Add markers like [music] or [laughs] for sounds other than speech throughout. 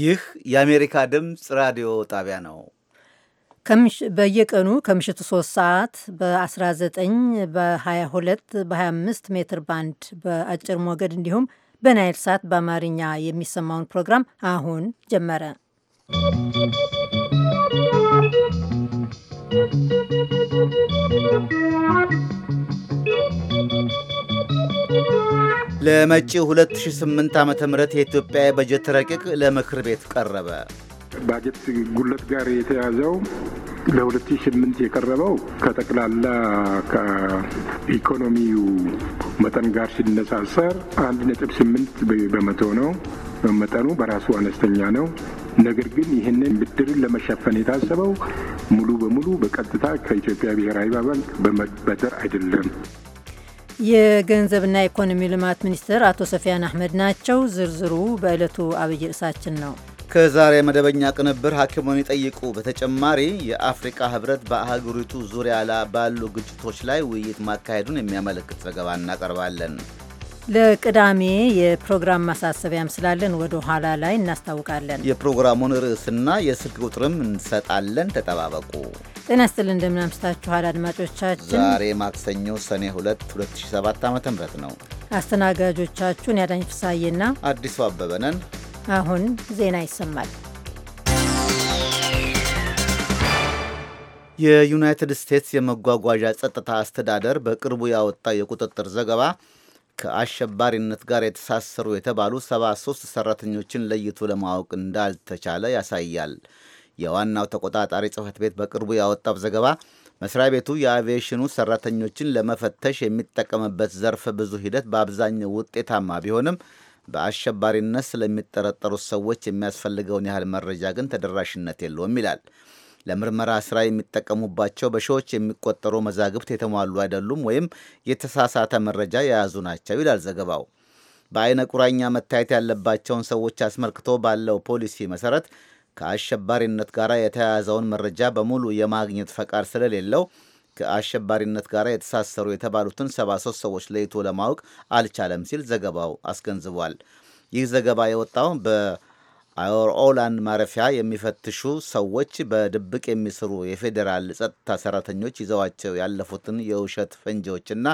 ይህ የአሜሪካ ድምፅ ራዲዮ ጣቢያ ነው። በየቀኑ ከምሽቱ 3 ሰዓት በ19 በ22 በ25 ሜትር ባንድ በአጭር ሞገድ እንዲሁም በናይል ሳት በአማርኛ የሚሰማውን ፕሮግራም አሁን ጀመረ። ¶¶ ለመጪ 2008 ዓ.ም የኢትዮጵያ የበጀት ረቂቅ ለምክር ቤት ቀረበ። ባጀት ጉለት ጋር የተያዘው ለ2008 የቀረበው ከጠቅላላ ከኢኮኖሚው መጠን ጋር ሲነሳሰር 1.8 በመቶ ነው። መጠኑ በራሱ አነስተኛ ነው። ነገር ግን ይህንን ብድርን ለመሸፈን የታሰበው ሙሉ በሙሉ በቀጥታ ከኢትዮጵያ ብሔራዊ ባንክ በመበደር አይደለም። የገንዘብና ኢኮኖሚ ልማት ሚኒስትር አቶ ሰፊያን አህመድ ናቸው። ዝርዝሩ በዕለቱ አብይ ርዕሳችን ነው። ከዛሬ መደበኛ ቅንብር ሐኪሙን ይጠይቁ በተጨማሪ የአፍሪካ ህብረት በአህጉሪቱ ዙሪያ ባሉ ግጭቶች ላይ ውይይት ማካሄዱን የሚያመለክት ዘገባ እናቀርባለን። ለቅዳሜ የፕሮግራም ማሳሰቢያም ስላለን ወደ ኋላ ላይ እናስታውቃለን። የፕሮግራሙን ርዕስና የስልክ ቁጥርም እንሰጣለን። ተጠባበቁ። ጤና ስጥል እንደምናምስታችኋል አድማጮቻችን። ዛሬ ማክሰኞ ሰኔ 2 2007 ዓ ም ነው አስተናጋጆቻችሁን ያዳኝ ፍሳዬና አዲሱ አበበ ነን። አሁን ዜና ይሰማል። የዩናይትድ ስቴትስ የመጓጓዣ ጸጥታ አስተዳደር በቅርቡ ያወጣ የቁጥጥር ዘገባ ከአሸባሪነት ጋር የተሳሰሩ የተባሉ 73 ሰራተኞችን ለይቶ ለማወቅ እንዳልተቻለ ያሳያል። የዋናው ተቆጣጣሪ ጽህፈት ቤት በቅርቡ ያወጣው ዘገባ መስሪያ ቤቱ የአቪዬሽኑ ሰራተኞችን ለመፈተሽ የሚጠቀምበት ዘርፈ ብዙ ሂደት በአብዛኛው ውጤታማ ቢሆንም በአሸባሪነት ስለሚጠረጠሩት ሰዎች የሚያስፈልገውን ያህል መረጃ ግን ተደራሽነት የለውም ይላል። ለምርመራ ስራ የሚጠቀሙባቸው በሺዎች የሚቆጠሩ መዛግብት የተሟሉ አይደሉም ወይም የተሳሳተ መረጃ የያዙ ናቸው ይላል ዘገባው። በአይነ ቁራኛ መታየት ያለባቸውን ሰዎች አስመልክቶ ባለው ፖሊሲ መሰረት ከአሸባሪነት ጋር የተያያዘውን መረጃ በሙሉ የማግኘት ፈቃድ ስለሌለው ከአሸባሪነት ጋር የተሳሰሩ የተባሉትን 73 ሰዎች ለይቶ ለማወቅ አልቻለም ሲል ዘገባው አስገንዝቧል። ይህ ዘገባ የወጣው በ አውሮላንድ ማረፊያ የሚፈትሹ ሰዎች በድብቅ የሚሰሩ የፌዴራል ጸጥታ ሰራተኞች ይዘዋቸው ያለፉትን የውሸት ፈንጂዎችና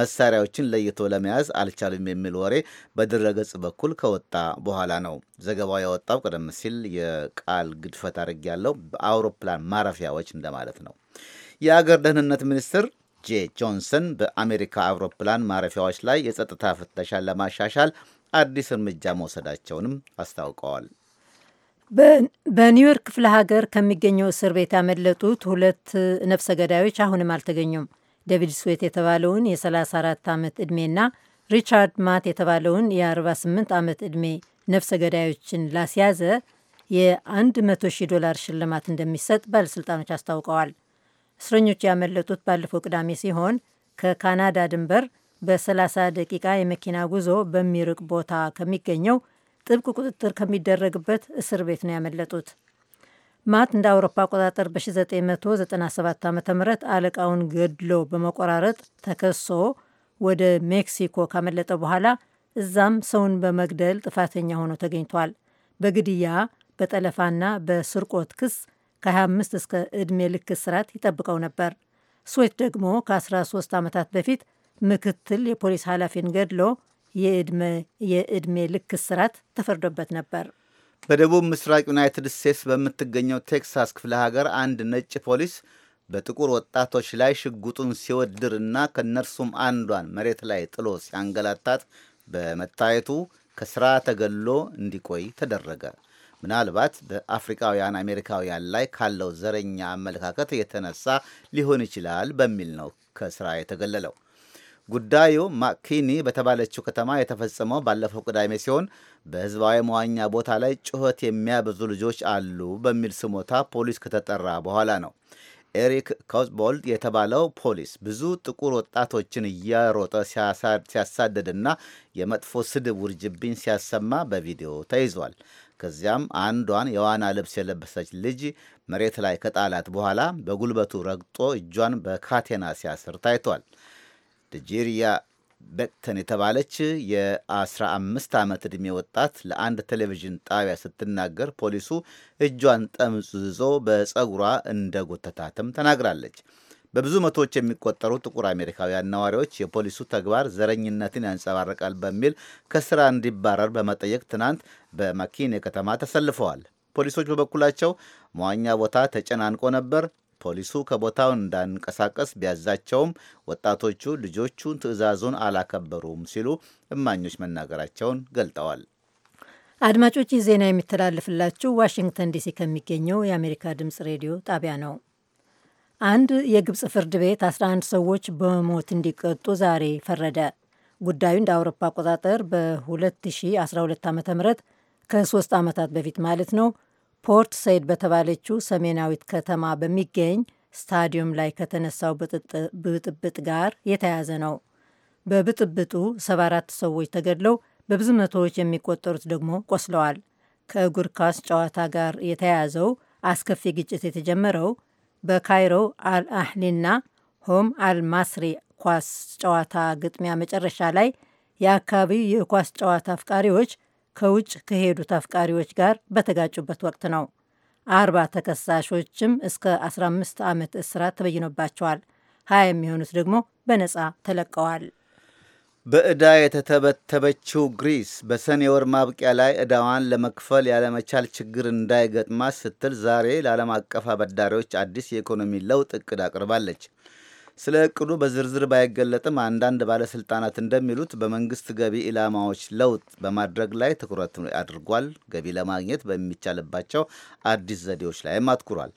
መሳሪያዎችን ለይቶ ለመያዝ አልቻሉም የሚል ወሬ በድረገጽ በኩል ከወጣ በኋላ ነው። ዘገባው ያወጣው ቀደም ሲል የቃል ግድፈት አድርግ ያለው በአውሮፕላን ማረፊያዎች እንደማለት ነው። የአገር ደህንነት ሚኒስትር ጄ ጆንሰን በአሜሪካ አውሮፕላን ማረፊያዎች ላይ የጸጥታ ፍተሻን ለማሻሻል አዲስ እርምጃ መውሰዳቸውንም አስታውቀዋል። በኒውዮርክ ክፍለ ሀገር ከሚገኘው እስር ቤት ያመለጡት ሁለት ነፍሰ ገዳዮች አሁንም አልተገኙም። ዴቪድ ስዌት የተባለውን የ34 ዓመት ዕድሜና ሪቻርድ ማት የተባለውን የ48 ዓመት ዕድሜ ነፍሰ ገዳዮችን ላስያዘ የ100 ሺህ ዶላር ሽልማት እንደሚሰጥ ባለሥልጣኖች አስታውቀዋል። እስረኞቹ ያመለጡት ባለፈው ቅዳሜ ሲሆን ከካናዳ ድንበር በ30 ደቂቃ የመኪና ጉዞ በሚርቅ ቦታ ከሚገኘው ጥብቅ ቁጥጥር ከሚደረግበት እስር ቤት ነው ያመለጡት። ማት እንደ አውሮፓ አቆጣጠር በ1997 ዓ ም አለቃውን ገድሎ በመቆራረጥ ተከሶ ወደ ሜክሲኮ ካመለጠ በኋላ እዛም ሰውን በመግደል ጥፋተኛ ሆኖ ተገኝቷል። በግድያ በጠለፋና በስርቆት ክስ ከ25 እስከ ዕድሜ ልክ እስራት ይጠብቀው ነበር። ስዌት ደግሞ ከ13 ዓመታት በፊት ምክትል የፖሊስ ኃላፊን ገድሎ የዕድሜ ልክ እስራት ተፈርዶበት ነበር። በደቡብ ምስራቅ ዩናይትድ ስቴትስ በምትገኘው ቴክሳስ ክፍለ ሀገር አንድ ነጭ ፖሊስ በጥቁር ወጣቶች ላይ ሽጉጡን ሲወድር እና ከእነርሱም አንዷን መሬት ላይ ጥሎ ሲያንገላታት በመታየቱ ከስራ ተገሎ እንዲቆይ ተደረገ። ምናልባት በአፍሪካውያን አሜሪካውያን ላይ ካለው ዘረኛ አመለካከት የተነሳ ሊሆን ይችላል በሚል ነው ከስራ የተገለለው። ጉዳዩ ማኪኒ በተባለችው ከተማ የተፈጸመው ባለፈው ቅዳሜ ሲሆን በህዝባዊ መዋኛ ቦታ ላይ ጩኸት የሚያበዙ ልጆች አሉ በሚል ስሞታ ፖሊስ ከተጠራ በኋላ ነው። ኤሪክ ካውዝቦልድ የተባለው ፖሊስ ብዙ ጥቁር ወጣቶችን እያሮጠ ሲያሳደድና የመጥፎ ስድብ ውርጅብኝ ሲያሰማ በቪዲዮ ተይዟል። ከዚያም አንዷን የዋና ልብስ የለበሰች ልጅ መሬት ላይ ከጣላት በኋላ በጉልበቱ ረግጦ እጇን በካቴና ሲያስር ታይቷል። ደጄሪያ በክተን የተባለች የ15 ዓመት ዕድሜ ወጣት ለአንድ ቴሌቪዥን ጣቢያ ስትናገር ፖሊሱ እጇን ጠምዝዞ በፀጉሯ ጎተታትም ተናግራለች። በብዙ መቶዎች የሚቆጠሩ ጥቁር አሜሪካውያን ነዋሪዎች የፖሊሱ ተግባር ዘረኝነትን ያንጸባርቃል በሚል ከስራ እንዲባረር በመጠየቅ ትናንት በማኪኔ ከተማ ተሰልፈዋል። ፖሊሶች በበኩላቸው መዋኛ ቦታ ተጨናንቆ ነበር፣ ፖሊሱ ከቦታው እንዳንቀሳቀስ ቢያዛቸውም ወጣቶቹ ልጆቹን ትዕዛዙን አላከበሩም ሲሉ እማኞች መናገራቸውን ገልጠዋል። አድማጮች ይህ ዜና የሚተላለፍላችሁ ዋሽንግተን ዲሲ ከሚገኘው የአሜሪካ ድምፅ ሬዲዮ ጣቢያ ነው። አንድ የግብፅ ፍርድ ቤት 11 ሰዎች በሞት እንዲቀጡ ዛሬ ፈረደ። ጉዳዩ እንደ አውሮፓ አቆጣጠር በ2012 ዓ ም ከሶስት ዓመታት በፊት ማለት ነው ፖርት ሰይድ በተባለችው ሰሜናዊት ከተማ በሚገኝ ስታዲየም ላይ ከተነሳው ብጥብጥ ጋር የተያያዘ ነው። በብጥብጡ 74 ሰዎች ተገድለው በብዙ መቶዎች የሚቆጠሩት ደግሞ ቆስለዋል። ከእግር ኳስ ጨዋታ ጋር የተያያዘው አስከፊ ግጭት የተጀመረው በካይሮ አልአህሊና ሆም አልማስሪ ኳስ ጨዋታ ግጥሚያ መጨረሻ ላይ የአካባቢው የኳስ ጨዋታ አፍቃሪዎች ከውጭ ከሄዱት አፍቃሪዎች ጋር በተጋጩበት ወቅት ነው። አርባ ተከሳሾችም እስከ 15 ዓመት እስራት ተበይኖባቸዋል። ሀያ የሚሆኑት ደግሞ በነፃ ተለቀዋል። በዕዳ የተተበተበችው ግሪስ በሰኔ ወር ማብቂያ ላይ ዕዳዋን ለመክፈል ያለመቻል ችግር እንዳይገጥማት ስትል ዛሬ ለዓለም አቀፍ አበዳሪዎች አዲስ የኢኮኖሚ ለውጥ እቅድ አቅርባለች። ስለ እቅዱ በዝርዝር ባይገለጥም አንዳንድ ባለስልጣናት እንደሚሉት በመንግስት ገቢ ኢላማዎች ለውጥ በማድረግ ላይ ትኩረት አድርጓል። ገቢ ለማግኘት በሚቻልባቸው አዲስ ዘዴዎች ላይም አትኩሯል።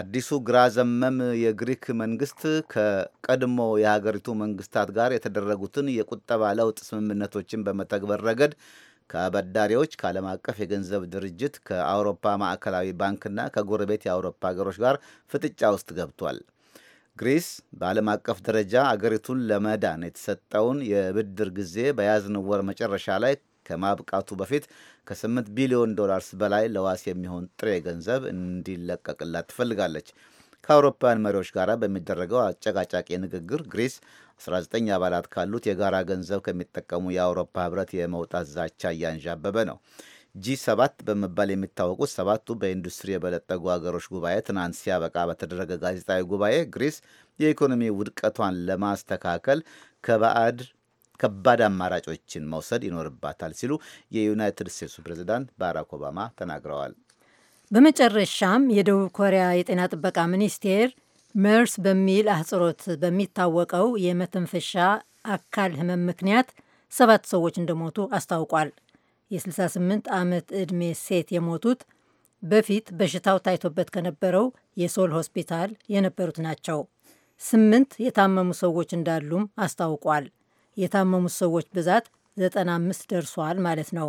አዲሱ ግራ ዘመም የግሪክ መንግስት ከቀድሞ የሀገሪቱ መንግስታት ጋር የተደረጉትን የቁጠባ ለውጥ ስምምነቶችን በመተግበር ረገድ ከአበዳሪዎች ከዓለም አቀፍ የገንዘብ ድርጅት ከአውሮፓ ማዕከላዊ ባንክና ከጎረቤት የአውሮፓ ሀገሮች ጋር ፍጥጫ ውስጥ ገብቷል። ግሪስ በዓለም አቀፍ ደረጃ አገሪቱን ለመዳን የተሰጠውን የብድር ጊዜ በያዝነው ወር መጨረሻ ላይ ከማብቃቱ በፊት ከ8 ቢሊዮን ዶላርስ በላይ ለዋስ የሚሆን ጥሬ ገንዘብ እንዲለቀቅላት ትፈልጋለች። ከአውሮፓውያን መሪዎች ጋር በሚደረገው አጨቃጫቂ ንግግር ግሪስ 19 አባላት ካሉት የጋራ ገንዘብ ከሚጠቀሙ የአውሮፓ ህብረት የመውጣት ዛቻ እያንዣበበ ነው። ጂ ሰባት በመባል የሚታወቁት ሰባቱ በኢንዱስትሪ የበለጠጉ ሀገሮች ጉባኤ ትናንት ሲያበቃ በተደረገ ጋዜጣዊ ጉባኤ ግሪስ የኢኮኖሚ ውድቀቷን ለማስተካከል ከባዕድ ከባድ አማራጮችን መውሰድ ይኖርባታል ሲሉ የዩናይትድ ስቴትሱ ፕሬዚዳንት ባራክ ኦባማ ተናግረዋል። በመጨረሻም የደቡብ ኮሪያ የጤና ጥበቃ ሚኒስቴር መርስ በሚል አህጽሮት በሚታወቀው የመተንፈሻ አካል ህመም ምክንያት ሰባት ሰዎች እንደሞቱ አስታውቋል። የ68 ዓመት ዕድሜ ሴት የሞቱት በፊት በሽታው ታይቶበት ከነበረው የሶል ሆስፒታል የነበሩት ናቸው። ስምንት የታመሙ ሰዎች እንዳሉም አስታውቋል። የታመሙት ሰዎች ብዛት 95 ደርሷል ማለት ነው።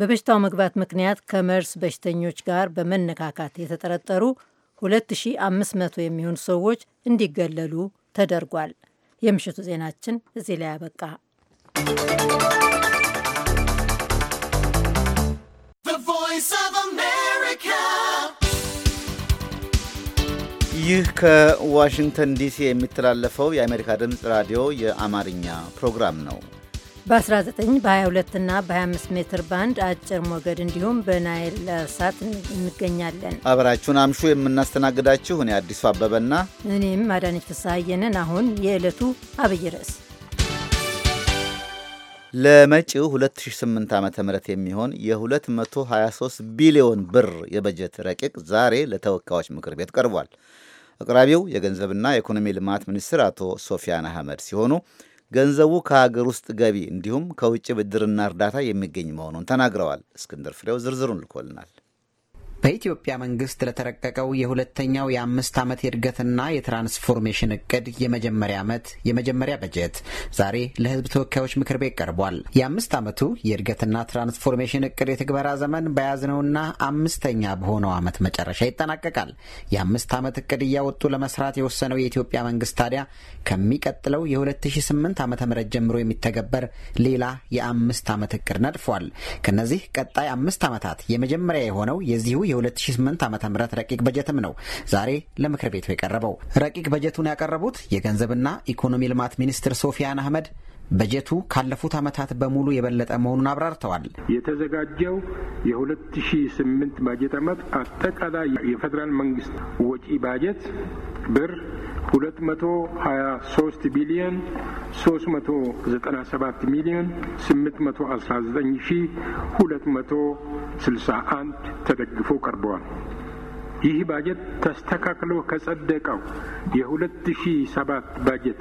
በበሽታው መግባት ምክንያት ከመርስ በሽተኞች ጋር በመነካካት የተጠረጠሩ 2500 የሚሆኑ ሰዎች እንዲገለሉ ተደርጓል። የምሽቱ ዜናችን እዚህ ላይ አበቃ። ይህ ከዋሽንግተን ዲሲ የሚተላለፈው የአሜሪካ ድምፅ ራዲዮ የአማርኛ ፕሮግራም ነው። በ19 በ22 እና በ25 ሜትር ባንድ አጭር ሞገድ እንዲሁም በናይል ሳት እንገኛለን። አብራችሁን አምሹ። የምናስተናግዳችሁ እኔ አዲሱ አበበና እኔም አዳነች ፍስሐየንን። አሁን የዕለቱ አብይ ርዕስ ለመጪው 2008 ዓ.ም የሚሆን የ223 ቢሊዮን ብር የበጀት ረቂቅ ዛሬ ለተወካዮች ምክር ቤት ቀርቧል። አቅራቢው የገንዘብና የኢኮኖሚ ልማት ሚኒስትር አቶ ሶፊያን አህመድ ሲሆኑ ገንዘቡ ከሀገር ውስጥ ገቢ እንዲሁም ከውጭ ብድርና እርዳታ የሚገኝ መሆኑን ተናግረዋል። እስክንድር ፍሬው ዝርዝሩን ልኮልናል። በኢትዮጵያ መንግስት ለተረቀቀው የሁለተኛው የአምስት ዓመት የእድገትና የትራንስፎርሜሽን እቅድ የመጀመሪያ ዓመት የመጀመሪያ በጀት ዛሬ ለህዝብ ተወካዮች ምክር ቤት ቀርቧል። የአምስት ዓመቱ የእድገትና ትራንስፎርሜሽን እቅድ የትግበራ ዘመን በያዝነውና አምስተኛ በሆነው ዓመት መጨረሻ ይጠናቀቃል። የአምስት ዓመት እቅድ እያወጡ ለመስራት የወሰነው የኢትዮጵያ መንግስት ታዲያ ከሚቀጥለው የ2008 ዓ ም ጀምሮ የሚተገበር ሌላ የአምስት ዓመት እቅድ ነድፏል። ከነዚህ ቀጣይ አምስት ዓመታት የመጀመሪያ የሆነው የዚሁ የ2008 ዓ ም ረቂቅ በጀትም ነው ዛሬ ለምክር ቤቱ የቀረበው። ረቂቅ በጀቱን ያቀረቡት የገንዘብና ኢኮኖሚ ልማት ሚኒስትር ሶፊያን አህመድ በጀቱ ካለፉት ዓመታት በሙሉ የበለጠ መሆኑን አብራርተዋል። የተዘጋጀው የ2008 ባጀት ዓመት አጠቃላይ የፌዴራል መንግስት ወጪ ባጀት ብር 223 ቢሊዮን 397 ሚሊዮን 819261 ተደግፎ ቀርበዋል። ይህ ባጀት ተስተካክሎ ከጸደቀው የ2007 ባጀት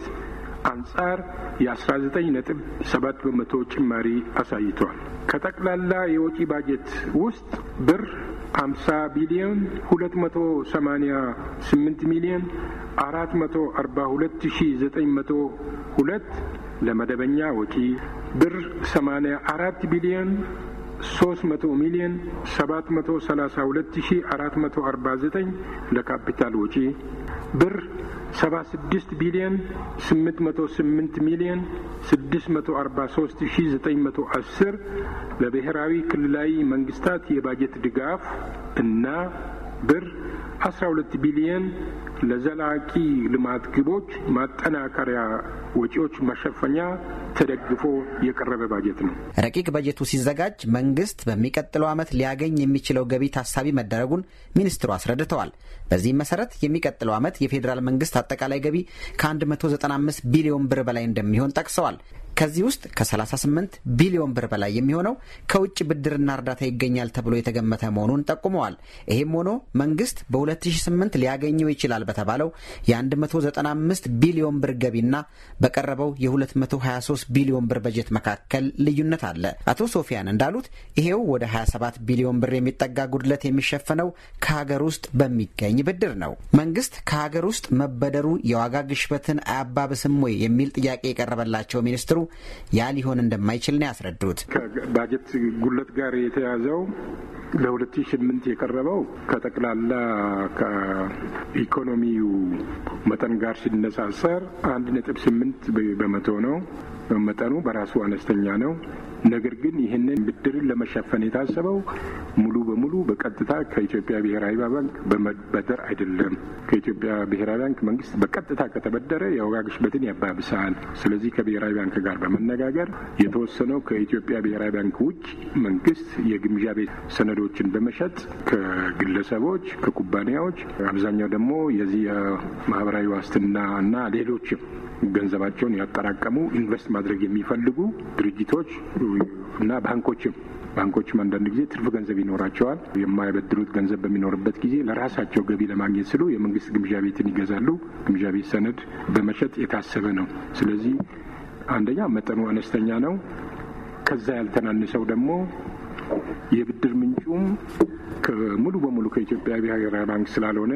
አንጻር የ19.7 በመቶ ጭማሪ አሳይቷል። ከጠቅላላ የወጪ ባጀት ውስጥ ብር 50 ቢሊዮን 288 ሚሊዮን 442902 ለመደበኛ ወጪ ብር 84 ቢሊዮን 300 ሚሊዮን 732449 ለካፒታል ወጪ ብር 76 ቢሊዮን 808 ሚሊዮን 643910 ለብሔራዊ ክልላዊ መንግስታት የባጀት ድጋፍ እና ብር 12 ቢሊዮን ለዘላቂ ልማት ግቦች ማጠናከሪያ ወጪዎች መሸፈኛ ተደግፎ የቀረበ ባጀት ነው። ረቂቅ በጀቱ ሲዘጋጅ መንግስት በሚቀጥለው ዓመት ሊያገኝ የሚችለው ገቢ ታሳቢ መደረጉን ሚኒስትሩ አስረድተዋል። በዚህም መሰረት የሚቀጥለው ዓመት የፌዴራል መንግስት አጠቃላይ ገቢ ከ195 ቢሊዮን ብር በላይ እንደሚሆን ጠቅሰዋል። ከዚህ ውስጥ ከ38 ቢሊዮን ብር በላይ የሚሆነው ከውጭ ብድርና እርዳታ ይገኛል ተብሎ የተገመተ መሆኑን ጠቁመዋል። ይህም ሆኖ መንግስት በ2008 ሊያገኘው ይችላል በተባለው የ195 ቢሊዮን ብር ገቢና በቀረበው የ223 ቢሊዮን ብር በጀት መካከል ልዩነት አለ። አቶ ሶፊያን እንዳሉት ይሄው ወደ 27 ቢሊዮን ብር የሚጠጋ ጉድለት የሚሸፈነው ከሀገር ውስጥ በሚገኝ ብድር ነው። መንግስት ከሀገር ውስጥ መበደሩ የዋጋ ግሽበትን አያባብስም ወይ የሚል ጥያቄ የቀረበላቸው ሚኒስትሩ ያ ሊሆን እንደማይችል ነው ያስረዱት። ከባጀት ጉለት ጋር የተያዘው ለ2008 የቀረበው ከጠቅላላ ከኢኮኖሚው መጠን ጋር ሲነሳሰር አንድ ነጥብ ስምንት በመቶ ነው። መጠኑ በራሱ አነስተኛ ነው። ነገር ግን ይህንን ብድርን ለመሸፈን የታሰበው ሙሉ በሙሉ በቀጥታ ከኢትዮጵያ ብሔራዊ ባንክ በመበደር አይደለም። ከኢትዮጵያ ብሔራዊ ባንክ መንግስት በቀጥታ ከተበደረ የዋጋ ግሽበትን ያባብሳል። ስለዚህ ከብሔራዊ ባንክ ጋር በመነጋገር የተወሰነው ከኢትዮጵያ ብሔራዊ ባንክ ውጭ መንግስት የግምዣ ቤት ሰነዶችን በመሸጥ ከግለሰቦች፣ ከኩባንያዎች አብዛኛው ደግሞ የዚህ የማህበራዊ ዋስትና እና ሌሎችም ገንዘባቸውን ያጠራቀሙ ኢንቨስት ማድረግ የሚፈልጉ ድርጅቶች እና ባንኮችም ባንኮችም አንዳንድ ጊዜ ትርፍ ገንዘብ ይኖራቸዋል። የማይበድሩት ገንዘብ በሚኖርበት ጊዜ ለራሳቸው ገቢ ለማግኘት ስሉ የመንግስት ግምዣ ቤትን ይገዛሉ። ግምዣ ቤት ሰነድ በመሸጥ የታሰበ ነው። ስለዚህ አንደኛ መጠኑ አነስተኛ ነው። ከዛ ያልተናነሰው ደግሞ የብድር ምንጩም ሙሉ በሙሉ ከኢትዮጵያ ብሔራዊ ባንክ ስላልሆነ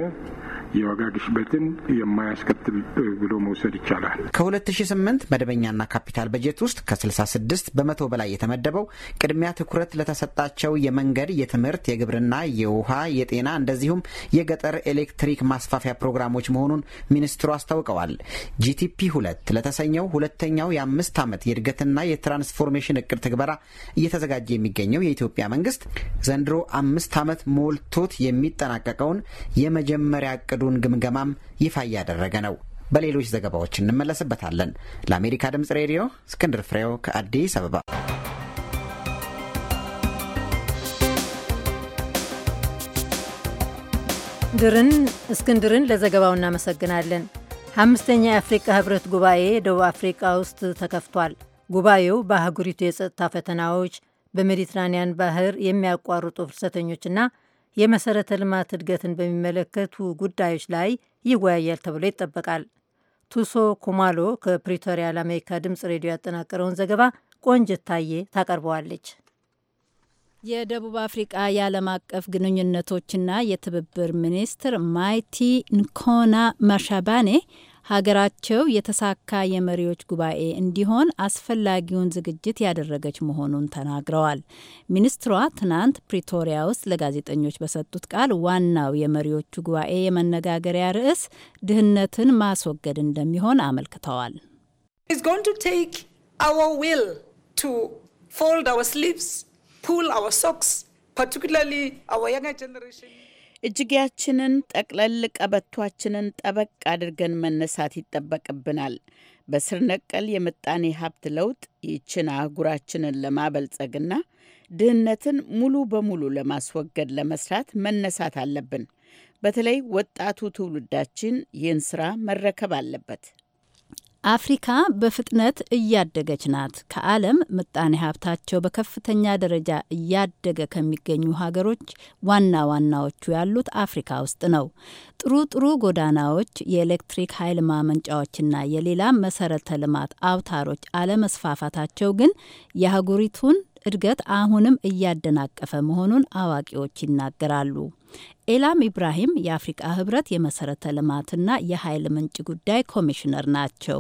የዋጋ ግሽበትን የማያስከትል ብሎ መውሰድ ይቻላል። ከ2008 መደበኛና ካፒታል በጀት ውስጥ ከ66 በመቶ በላይ የተመደበው ቅድሚያ ትኩረት ለተሰጣቸው የመንገድ፣ የትምህርት፣ የግብርና፣ የውሃ፣ የጤና እንደዚሁም የገጠር ኤሌክትሪክ ማስፋፊያ ፕሮግራሞች መሆኑን ሚኒስትሩ አስታውቀዋል። ጂቲፒ ሁለት ለተሰኘው ሁለተኛው የአምስት ዓመት የእድገትና የትራንስፎርሜሽን እቅድ ትግበራ እየተዘጋጀ የሚገኘው የኢትዮጵያ መንግስት ዘንድሮ አምስት ዓመት ሞልቶት የሚጠናቀቀውን የመጀመሪያ እቅድ የእቅዱን ግምገማም ይፋ እያደረገ ነው። በሌሎች ዘገባዎች እንመለስበታለን። ለአሜሪካ ድምፅ ሬዲዮ እስክንድር ፍሬው ከአዲስ አበባ። ድርን እስክንድርን ለዘገባው እናመሰግናለን። አምስተኛ የአፍሪቃ ህብረት ጉባኤ ደቡብ አፍሪቃ ውስጥ ተከፍቷል። ጉባኤው በአህጉሪቱ የጸጥታ ፈተናዎች፣ በሜዲትራኒያን ባህር የሚያቋርጡ ፍልሰተኞችና የመሰረተ ልማት እድገትን በሚመለከቱ ጉዳዮች ላይ ይወያያል ተብሎ ይጠበቃል። ቱሶ ኩማሎ ከፕሪቶሪያ ለአሜሪካ ድምፅ ሬዲዮ ያጠናቀረውን ዘገባ ቆንጅት ታዬ ታቀርበዋለች። የደቡብ አፍሪቃ የዓለም አቀፍ ግንኙነቶችና የትብብር ሚኒስትር ማይቲ ንኮና ማሻባኔ ሀገራቸው የተሳካ የመሪዎች ጉባኤ እንዲሆን አስፈላጊውን ዝግጅት ያደረገች መሆኑን ተናግረዋል። ሚኒስትሯ ትናንት ፕሪቶሪያ ውስጥ ለጋዜጠኞች በሰጡት ቃል ዋናው የመሪዎቹ ጉባኤ የመነጋገሪያ ርዕስ ድህነትን ማስወገድ እንደሚሆን አመልክተዋል። ፑል አወር ሶክስ ፓርቲኩላርሊ አወር ያንገር ጀነሬሽን እጅጌያችንን ጠቅለል ቀበቷችንን ጠበቅ አድርገን መነሳት ይጠበቅብናል። በስር ነቀል የምጣኔ ሀብት ለውጥ ይችን አህጉራችንን ለማበልጸግና ድህነትን ሙሉ በሙሉ ለማስወገድ ለመስራት መነሳት አለብን። በተለይ ወጣቱ ትውልዳችን ይህን ስራ መረከብ አለበት። አፍሪካ በፍጥነት እያደገች ናት። ከዓለም ምጣኔ ሀብታቸው በከፍተኛ ደረጃ እያደገ ከሚገኙ ሀገሮች ዋና ዋናዎቹ ያሉት አፍሪካ ውስጥ ነው። ጥሩ ጥሩ ጎዳናዎች፣ የኤሌክትሪክ ኃይል ማመንጫዎችና የሌላ መሰረተ ልማት አውታሮች አለመስፋፋታቸው ግን የአህጉሪቱን እድገት አሁንም እያደናቀፈ መሆኑን አዋቂዎች ይናገራሉ። ኤላም ኢብራሂም የአፍሪቃ ህብረት የመሰረተ ልማትና የኃይል ምንጭ ጉዳይ ኮሚሽነር ናቸው።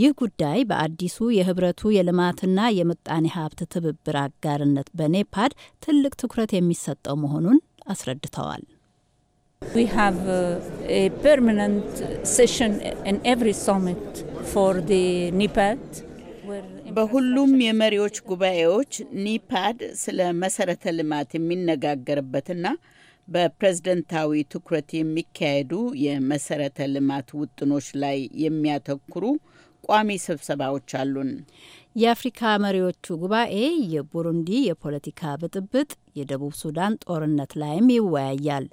ይህ ጉዳይ በአዲሱ የህብረቱ የልማትና የምጣኔ ሀብት ትብብር አጋርነት በኔፓድ ትልቅ ትኩረት የሚሰጠው መሆኑን አስረድተዋል። We ሴሽን uh, a permanent session in በሁሉም የመሪዎች ጉባኤዎች ኒፓድ ስለ መሰረተ ልማት የሚነጋገርበትና በፕሬዝደንታዊ ትኩረት የሚካሄዱ የመሰረተ ልማት ውጥኖች ላይ የሚያተኩሩ ቋሚ ስብሰባዎች አሉን። የአፍሪካ መሪዎቹ ጉባኤ የቡሩንዲ የፖለቲካ ብጥብጥ፣ የደቡብ ሱዳን ጦርነት ላይም ይወያያል።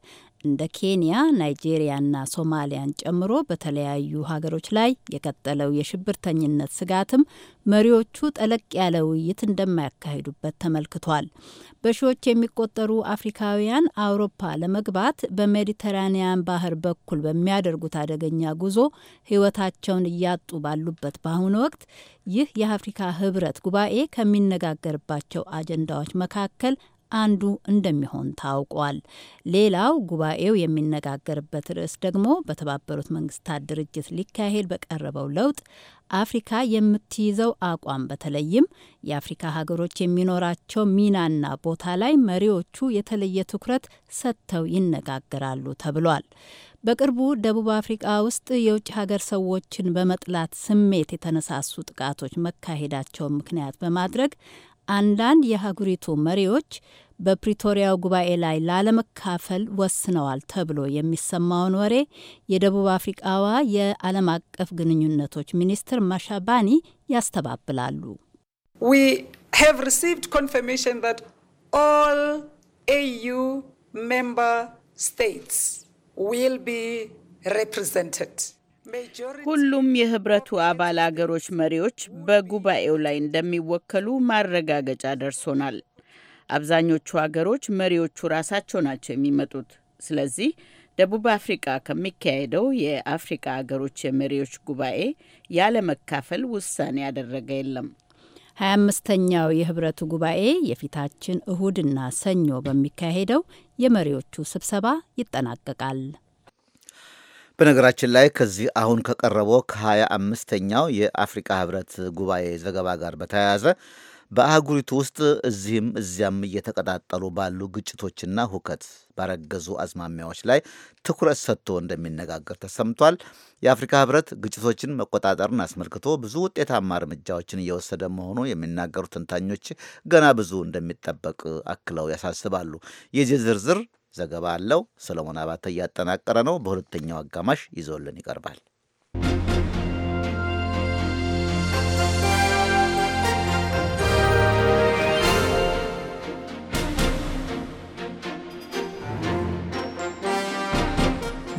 እንደ ኬንያ፣ ናይጄሪያና ሶማሊያን ጨምሮ በተለያዩ ሀገሮች ላይ የቀጠለው የሽብርተኝነት ስጋትም መሪዎቹ ጠለቅ ያለ ውይይት እንደማያካሂዱበት ተመልክቷል። በሺዎች የሚቆጠሩ አፍሪካውያን አውሮፓ ለመግባት በሜዲተራኒያን ባህር በኩል በሚያደርጉት አደገኛ ጉዞ ሕይወታቸውን እያጡ ባሉበት በአሁኑ ወቅት ይህ የአፍሪካ ህብረት ጉባኤ ከሚነጋገርባቸው አጀንዳዎች መካከል አንዱ እንደሚሆን ታውቋል። ሌላው ጉባኤው የሚነጋገርበት ርዕስ ደግሞ በተባበሩት መንግስታት ድርጅት ሊካሄድ በቀረበው ለውጥ አፍሪካ የምትይዘው አቋም በተለይም የአፍሪካ ሀገሮች የሚኖራቸው ሚናና ቦታ ላይ መሪዎቹ የተለየ ትኩረት ሰጥተው ይነጋገራሉ ተብሏል። በቅርቡ ደቡብ አፍሪቃ ውስጥ የውጭ ሀገር ሰዎችን በመጥላት ስሜት የተነሳሱ ጥቃቶች መካሄዳቸውን ምክንያት በማድረግ አንዳንድ የሀጉሪቱ መሪዎች በፕሪቶሪያው ጉባኤ ላይ ላለመካፈል ወስነዋል ተብሎ የሚሰማውን ወሬ የደቡብ አፍሪቃዋ የዓለም አቀፍ ግንኙነቶች ሚኒስትር ማሻባኒ ያስተባብላሉ። ኦል ሁሉም የህብረቱ አባል አገሮች መሪዎች በጉባኤው ላይ እንደሚወከሉ ማረጋገጫ ደርሶናል። አብዛኞቹ አገሮች መሪዎቹ ራሳቸው ናቸው የሚመጡት። ስለዚህ ደቡብ አፍሪቃ ከሚካሄደው የአፍሪቃ አገሮች የመሪዎች ጉባኤ ያለመካፈል ውሳኔ ያደረገ የለም። ሀያ አምስተኛው የህብረቱ ጉባኤ የፊታችን እሁድና ሰኞ በሚካሄደው የመሪዎቹ ስብሰባ ይጠናቀቃል። በነገራችን ላይ ከዚህ አሁን ከቀረበው ከሀያ አምስተኛው የአፍሪካ ህብረት ጉባኤ ዘገባ ጋር በተያያዘ በአህጉሪቱ ውስጥ እዚህም እዚያም እየተቀጣጠሉ ባሉ ግጭቶችና ሁከት ባረገዙ አዝማሚያዎች ላይ ትኩረት ሰጥቶ እንደሚነጋገር ተሰምቷል። የአፍሪካ ህብረት ግጭቶችን መቆጣጠርን አስመልክቶ ብዙ ውጤታማ እርምጃዎችን እየወሰደ መሆኑ የሚናገሩ ተንታኞች ገና ብዙ እንደሚጠበቅ አክለው ያሳስባሉ። የዚህ ዝርዝር ዘገባ አለው። ሰለሞን አባተ እያጠናቀረ ነው። በሁለተኛው አጋማሽ ይዞልን ይቀርባል።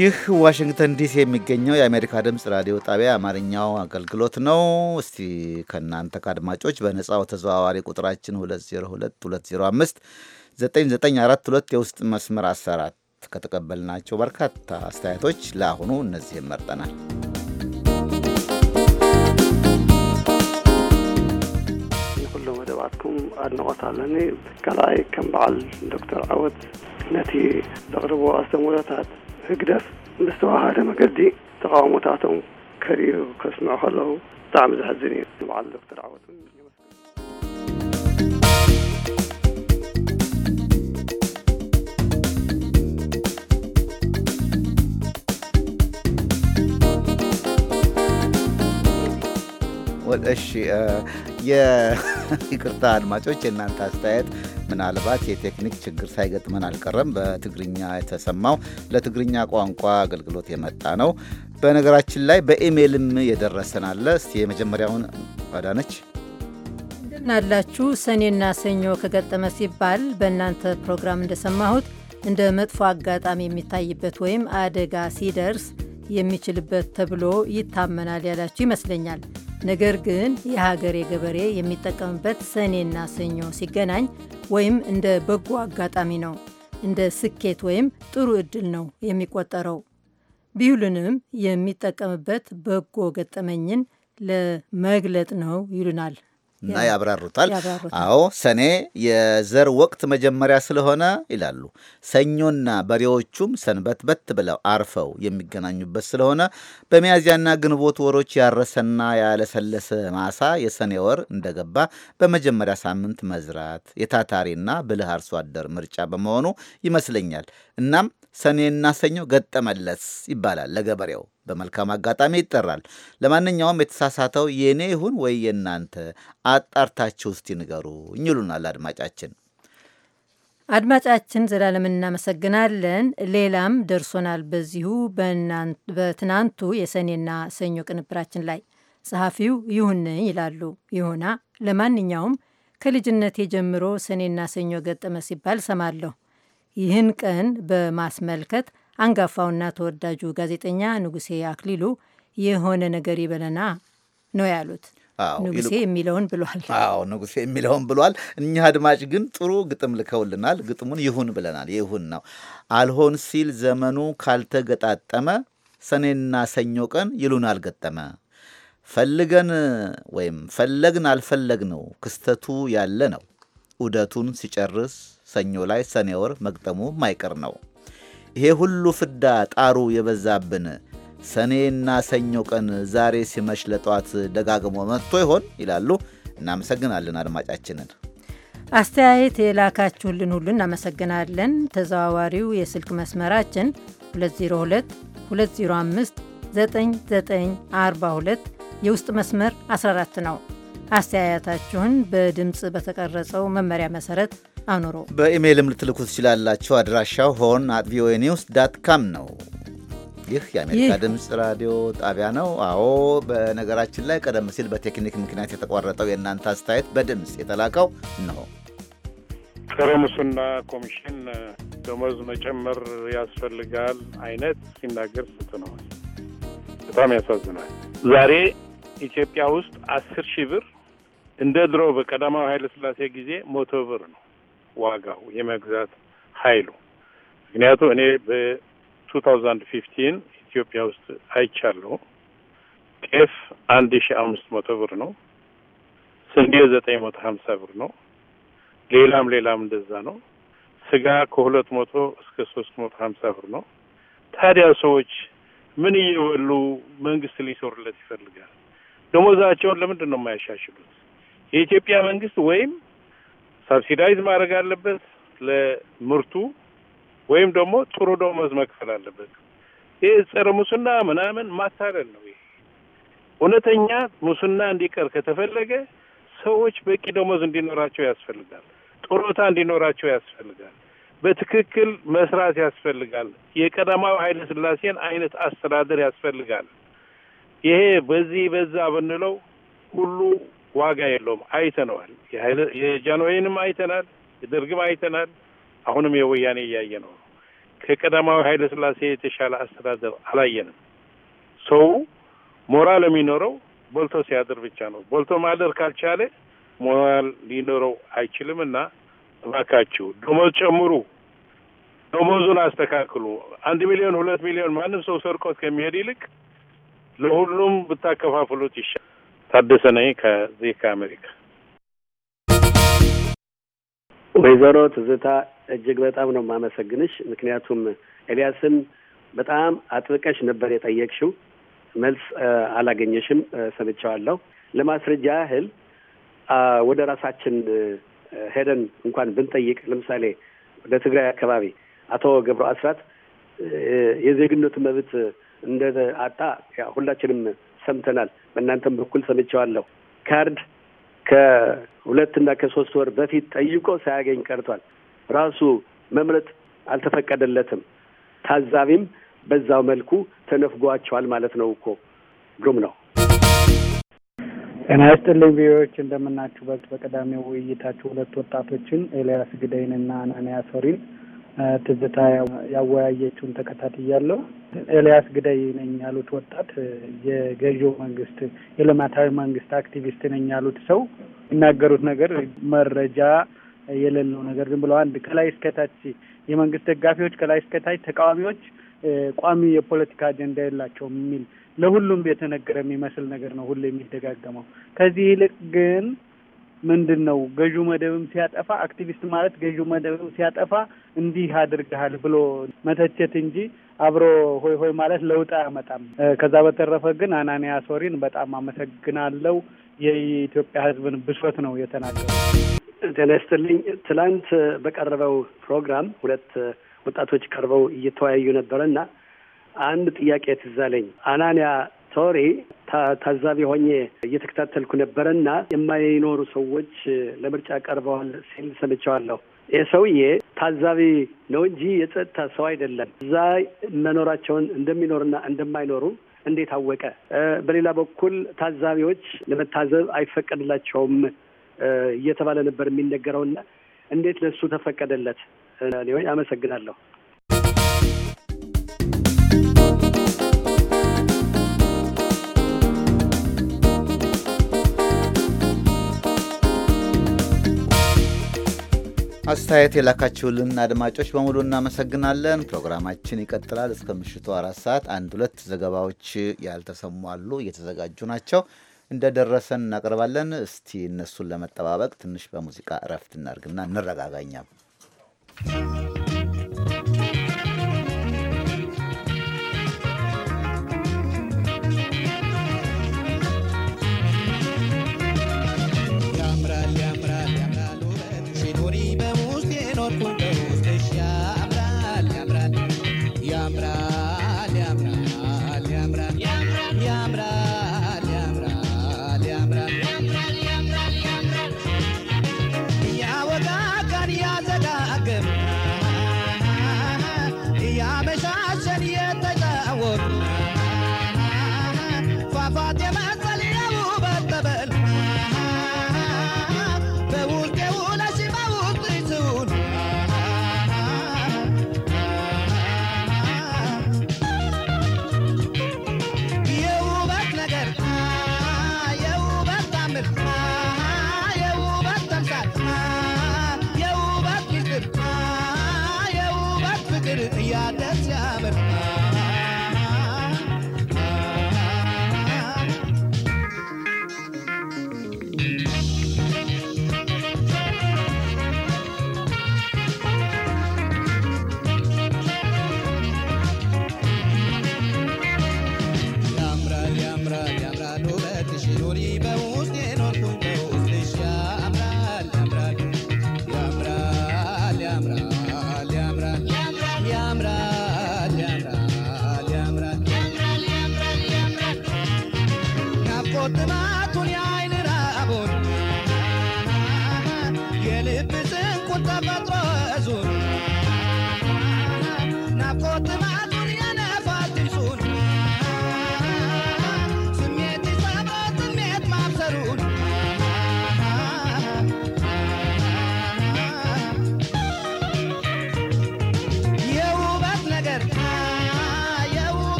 ይህ ዋሽንግተን ዲሲ የሚገኘው የአሜሪካ ድምፅ ራዲዮ ጣቢያ አማርኛው አገልግሎት ነው። እስቲ ከእናንተ ከአድማጮች በነጻው ተዘዋዋሪ ቁጥራችን 202205 9942 የውስጥ መስመር 14 ከተቀበልናቸው በርካታ አስተያየቶች ለአሁኑ እነዚህም መርጠናል። ሁሉ መደባትኩም ኣድንቆት ከላይ ከም በዓል ዶክተር ዓወት ነቲ ዘቕርቦ ኣስተምህሮታት ህግደፍ ምስ ተዋሃደ መገዲ ተቃውሞታቶም ከሪዩ ከስምዑ ከለዉ ብጣዕሚ ዘሕዝን እዩ በዓል ዶክተር ዓወት እሺ፣ የይቅርታ [laughs] አድማጮች፣ የእናንተ አስተያየት ምናልባት የቴክኒክ ችግር ሳይገጥመን አልቀረም። በትግርኛ የተሰማው ለትግርኛ ቋንቋ አገልግሎት የመጣ ነው። በነገራችን ላይ በኢሜይልም የደረሰን አለ። እስቲ የመጀመሪያውን አዳነች ናላችሁ ሰኔና ሰኞ ከገጠመ ሲባል በእናንተ ፕሮግራም እንደሰማሁት እንደ መጥፎ አጋጣሚ የሚታይበት ወይም አደጋ ሲደርስ የሚችልበት ተብሎ ይታመናል ያላቸው ይመስለኛል። ነገር ግን የሀገሬ ገበሬ የሚጠቀምበት ሰኔና ሰኞ ሲገናኝ ወይም እንደ በጎ አጋጣሚ ነው፣ እንደ ስኬት ወይም ጥሩ እድል ነው የሚቆጠረው። ቢሁልንም የሚጠቀምበት በጎ ገጠመኝን ለመግለጥ ነው ይሉናል እና ያብራሩታል። አዎ ሰኔ የዘር ወቅት መጀመሪያ ስለሆነ ይላሉ ሰኞና በሬዎቹም በት ብለው አርፈው የሚገናኙበት ስለሆነ በሚያዝያና ግንቦት ወሮች ያረሰና ያለሰለሰ ማሳ የሰኔ ወር እንደገባ በመጀመሪያ ሳምንት መዝራት የታታሪና ብልህ አርሶ አደር ምርጫ በመሆኑ ይመስለኛል። እናም ሰኔና ሰኞ ገጠመለስ ይባላል ለገበሬው። በመልካም አጋጣሚ ይጠራል። ለማንኛውም የተሳሳተው የእኔ ይሁን ወይ የእናንተ አጣርታችሁ እስቲ ንገሩኝ እኝሉናል አድማጫችን። አድማጫችን ዘላለም እናመሰግናለን። ሌላም ደርሶናል በዚሁ በትናንቱ የሰኔና ሰኞ ቅንብራችን ላይ ጸሐፊው ይሁን ይላሉ ይሁና ለማንኛውም ከልጅነቴ ጀምሮ ሰኔና ሰኞ ገጠመ ሲባል ሰማለሁ። ይህን ቀን በማስመልከት አንጋፋውና ተወዳጁ ጋዜጠኛ ንጉሴ አክሊሉ የሆነ ነገር ይበለና ነው ያሉት። ንጉሴ የሚለውን ብሏል። አዎ ንጉሴ የሚለውን ብሏል። እኛ አድማጭ ግን ጥሩ ግጥም ልከውልናል። ግጥሙን ይሁን ብለናል። ይሁን ነው አልሆን ሲል ዘመኑ ካልተገጣጠመ ሰኔና ሰኞ ቀን ይሉን አልገጠመ ፈልገን ወይም ፈለግን ነው ክስተቱ ያለ ነው። ዑደቱን ሲጨርስ ሰኞ ላይ ሰኔ ወር መግጠሙ ማይቀር ነው። ይሄ ሁሉ ፍዳ ጣሩ የበዛብን ሰኔና ሰኞ ቀን ዛሬ ሲመሽ ለጠዋት ደጋግሞ መጥቶ ይሆን ይላሉ። እናመሰግናለን አድማጫችንን። አስተያየት የላካችሁልን ሁሉ እናመሰግናለን። ተዘዋዋሪው የስልክ መስመራችን 202 205 9942 የውስጥ መስመር 14 ነው። አስተያየታችሁን በድምፅ በተቀረጸው መመሪያ መሰረት አኑሮ። በኢሜይልም ልትልኩ ትችላላችሁ። አድራሻው ሆን አት ቪኦኤ ኒውስ ዳት ካም ነው። ይህ የአሜሪካ ድምፅ ራዲዮ ጣቢያ ነው። አዎ፣ በነገራችን ላይ ቀደም ሲል በቴክኒክ ምክንያት የተቋረጠው የእናንተ አስተያየት በድምፅ የተላከው ነው። ጸረ ሙስና ኮሚሽን ደሞዝ መጨመር ያስፈልጋል አይነት ሲናገር ነው። በጣም ያሳዝናል። ዛሬ ኢትዮጵያ ውስጥ አስር ሺህ ብር እንደ ድሮ በቀዳማዊ ኃይለ ስላሴ ጊዜ መቶ ብር ነው ዋጋው የመግዛት ኃይሉ። ምክንያቱም እኔ በቱ ታውዛንድ ፊፍቲን ኢትዮጵያ ውስጥ አይቻለሁ። ጤፍ አንድ ሺ አምስት መቶ ብር ነው። ስንዴ ዘጠኝ መቶ ሀምሳ ብር ነው። ሌላም ሌላም እንደዛ ነው። ስጋ ከሁለት መቶ እስከ ሶስት መቶ ሀምሳ ብር ነው። ታዲያ ሰዎች ምን እየበሉ መንግስት ሊሰሩለት ይፈልጋል? ደሞዛቸውን ለምንድን ነው የማያሻሽሉት? የኢትዮጵያ መንግስት ወይም ሰብሲዳይዝ ማድረግ አለበት ለምርቱ ወይም ደግሞ ጥሩ ዶሞዝ መክፈል አለበት። ይህ ጸረ ሙስና ምናምን ማታለል ነው። ይሄ እውነተኛ ሙስና እንዲቀር ከተፈለገ ሰዎች በቂ ደሞዝ እንዲኖራቸው ያስፈልጋል። ጡረታ እንዲኖራቸው ያስፈልጋል። በትክክል መስራት ያስፈልጋል። የቀዳማዊ ኃይለ ሥላሴን አይነት አስተዳደር ያስፈልጋል። ይሄ በዚህ በዛ ብንለው ሁሉ ዋጋ የለውም። አይተነዋል። የጃንሆይንም አይተናል፣ የደርግም አይተናል። አሁንም የወያኔ እያየ ነው። ከቀዳማዊ ኃይለ ሥላሴ የተሻለ አስተዳደር አላየንም። ሰው ሞራል የሚኖረው በልቶ ሲያድር ብቻ ነው። በልቶ ማደር ካልቻለ ሞራል ሊኖረው አይችልም። እና እባካችሁ ደሞዝ ጨምሩ፣ ደሞዙን አስተካክሉ። አንድ ሚሊዮን ሁለት ሚሊዮን ማንም ሰው ሰርቆት ከሚሄድ ይልቅ ለሁሉም ብታከፋፍሉት ይሻል። ታደሰ ነኝ ከዚህ ከአሜሪካ። ወይዘሮ ትዝታ እጅግ በጣም ነው የማመሰግንሽ። ምክንያቱም ኤልያስን በጣም አጥብቀሽ ነበር የጠየቅሽው፣ መልስ አላገኘሽም፣ ሰምቸዋለሁ። ለማስረጃ ያህል ወደ ራሳችን ሄደን እንኳን ብንጠይቅ፣ ለምሳሌ ወደ ትግራይ አካባቢ አቶ ገብሩ አስራት የዜግነቱ መብት እንደ አጣ ሁላችንም ሰምተናል። በእናንተም በኩል ሰምቼዋለሁ። ካርድ ከሁለትና ከሶስት ወር በፊት ጠይቆ ሳያገኝ ቀርቷል። ራሱ መምረጥ አልተፈቀደለትም። ታዛቢም በዛው መልኩ ተነፍጓቸዋል ማለት ነው እኮ ግሩም ነው። ጤና ይስጥልኝ ቪዎች እንደምናችሁበት በቀዳሚው ውይይታችሁ ሁለት ወጣቶችን ኤልያስ ግደይንና አናንያ ሶሪን ትዝታ ያወያየችውን ተከታትያለሁ። ኤልያስ ግዳይ ነኝ ያሉት ወጣት የገዢው መንግስት የልማታዊ መንግስት አክቲቪስት ነኝ ያሉት ሰው የሚናገሩት ነገር መረጃ የሌለው ነገር ዝም ብለው አንድ ከላይ እስከታች የመንግስት ደጋፊዎች ከላይ እስከታች ተቃዋሚዎች ቋሚ የፖለቲካ አጀንዳ የላቸውም የሚል ለሁሉም የተነገረ የሚመስል ነገር ነው ሁሉ የሚደጋገመው። ከዚህ ይልቅ ግን ምንድን ነው ገዢው መደብም ሲያጠፋ አክቲቪስት ማለት ገዢው መደብም ሲያጠፋ እንዲህ አድርገሃል ብሎ መተቸት እንጂ አብሮ ሆይ ሆይ ማለት ለውጥ አያመጣም። ከዛ በተረፈ ግን አናንያ ሶሪን በጣም አመሰግናለው የኢትዮጵያ ሕዝብን ብሶት ነው የተናገረው። ጤና ይስጥልኝ። ትላንት በቀረበው ፕሮግራም ሁለት ወጣቶች ቀርበው እየተወያዩ ነበረ እና አንድ ጥያቄ ትዝ አለኝ አናንያ ሶሪ ታዛቢ ሆኜ እየተከታተልኩ ነበረና የማይኖሩ ሰዎች ለምርጫ ቀርበዋል ሲል ሰምቸዋለሁ። ይህ ሰውዬ ታዛቢ ነው እንጂ የጸጥታ ሰው አይደለም። እዛ መኖራቸውን እንደሚኖርና እንደማይኖሩ እንዴት አወቀ? በሌላ በኩል ታዛቢዎች ለመታዘብ አይፈቀድላቸውም እየተባለ ነበር የሚነገረውና እንዴት ለሱ ተፈቀደለት? አመሰግናለሁ። አስተያየት የላካችሁልን አድማጮች በሙሉ እናመሰግናለን። ፕሮግራማችን ይቀጥላል እስከ ምሽቱ አራት ሰዓት። አንድ ሁለት ዘገባዎች ያልተሰሙ አሉ፣ እየተዘጋጁ ናቸው። እንደደረሰን እናቀርባለን። እስቲ እነሱን ለመጠባበቅ ትንሽ በሙዚቃ እረፍት እናርግና እንረጋጋኛል።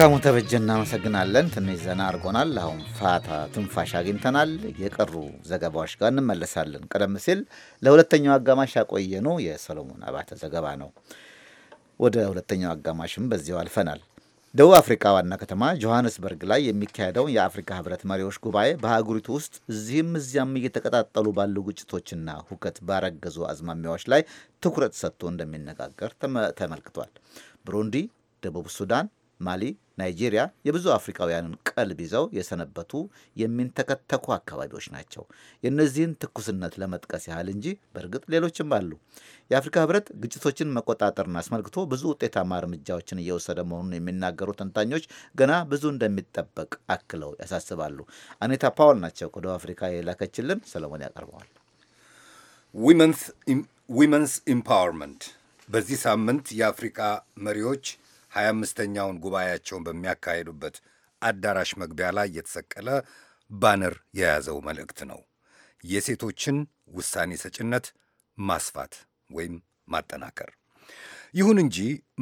መልካሙ ተበጀ እናመሰግናለን። ትንሽ ዘና አድርጎናል። አሁን ፋታ ትንፋሽ አግኝተናል። የቀሩ ዘገባዎች ጋር እንመለሳለን። ቀደም ሲል ለሁለተኛው አጋማሽ ያቆየኑ የሰሎሞን አባተ ዘገባ ነው። ወደ ሁለተኛው አጋማሽም በዚያው አልፈናል። ደቡብ አፍሪካ ዋና ከተማ ጆሐንስበርግ ላይ የሚካሄደውን የአፍሪካ ህብረት መሪዎች ጉባኤ በሀገሪቱ ውስጥ እዚህም እዚያም እየተቀጣጠሉ ባሉ ግጭቶችና ሁከት ባረገዙ አዝማሚያዎች ላይ ትኩረት ሰጥቶ እንደሚነጋገር ተመልክቷል። ብሩንዲ፣ ደቡብ ሱዳን፣ ማሊ፣ ናይጄሪያ የብዙ አፍሪካውያንን ቀልብ ይዘው የሰነበቱ የሚንተከተኩ አካባቢዎች ናቸው። የእነዚህን ትኩስነት ለመጥቀስ ያህል እንጂ በእርግጥ ሌሎችም አሉ። የአፍሪካ ሕብረት ግጭቶችን መቆጣጠርን አስመልክቶ ብዙ ውጤታማ እርምጃዎችን እየወሰደ መሆኑን የሚናገሩ ተንታኞች ገና ብዙ እንደሚጠበቅ አክለው ያሳስባሉ። አኔታ ፓውል ናቸው ከደቡብ አፍሪካ የላከችልን። ሰለሞን ያቀርበዋል። ዊመንስ ኢምፓወርመንት በዚህ ሳምንት የአፍሪካ መሪዎች ሀያ አምስተኛውን ጉባኤያቸውን በሚያካሄዱበት አዳራሽ መግቢያ ላይ የተሰቀለ ባነር የያዘው መልእክት ነው። የሴቶችን ውሳኔ ሰጭነት ማስፋት ወይም ማጠናከር። ይሁን እንጂ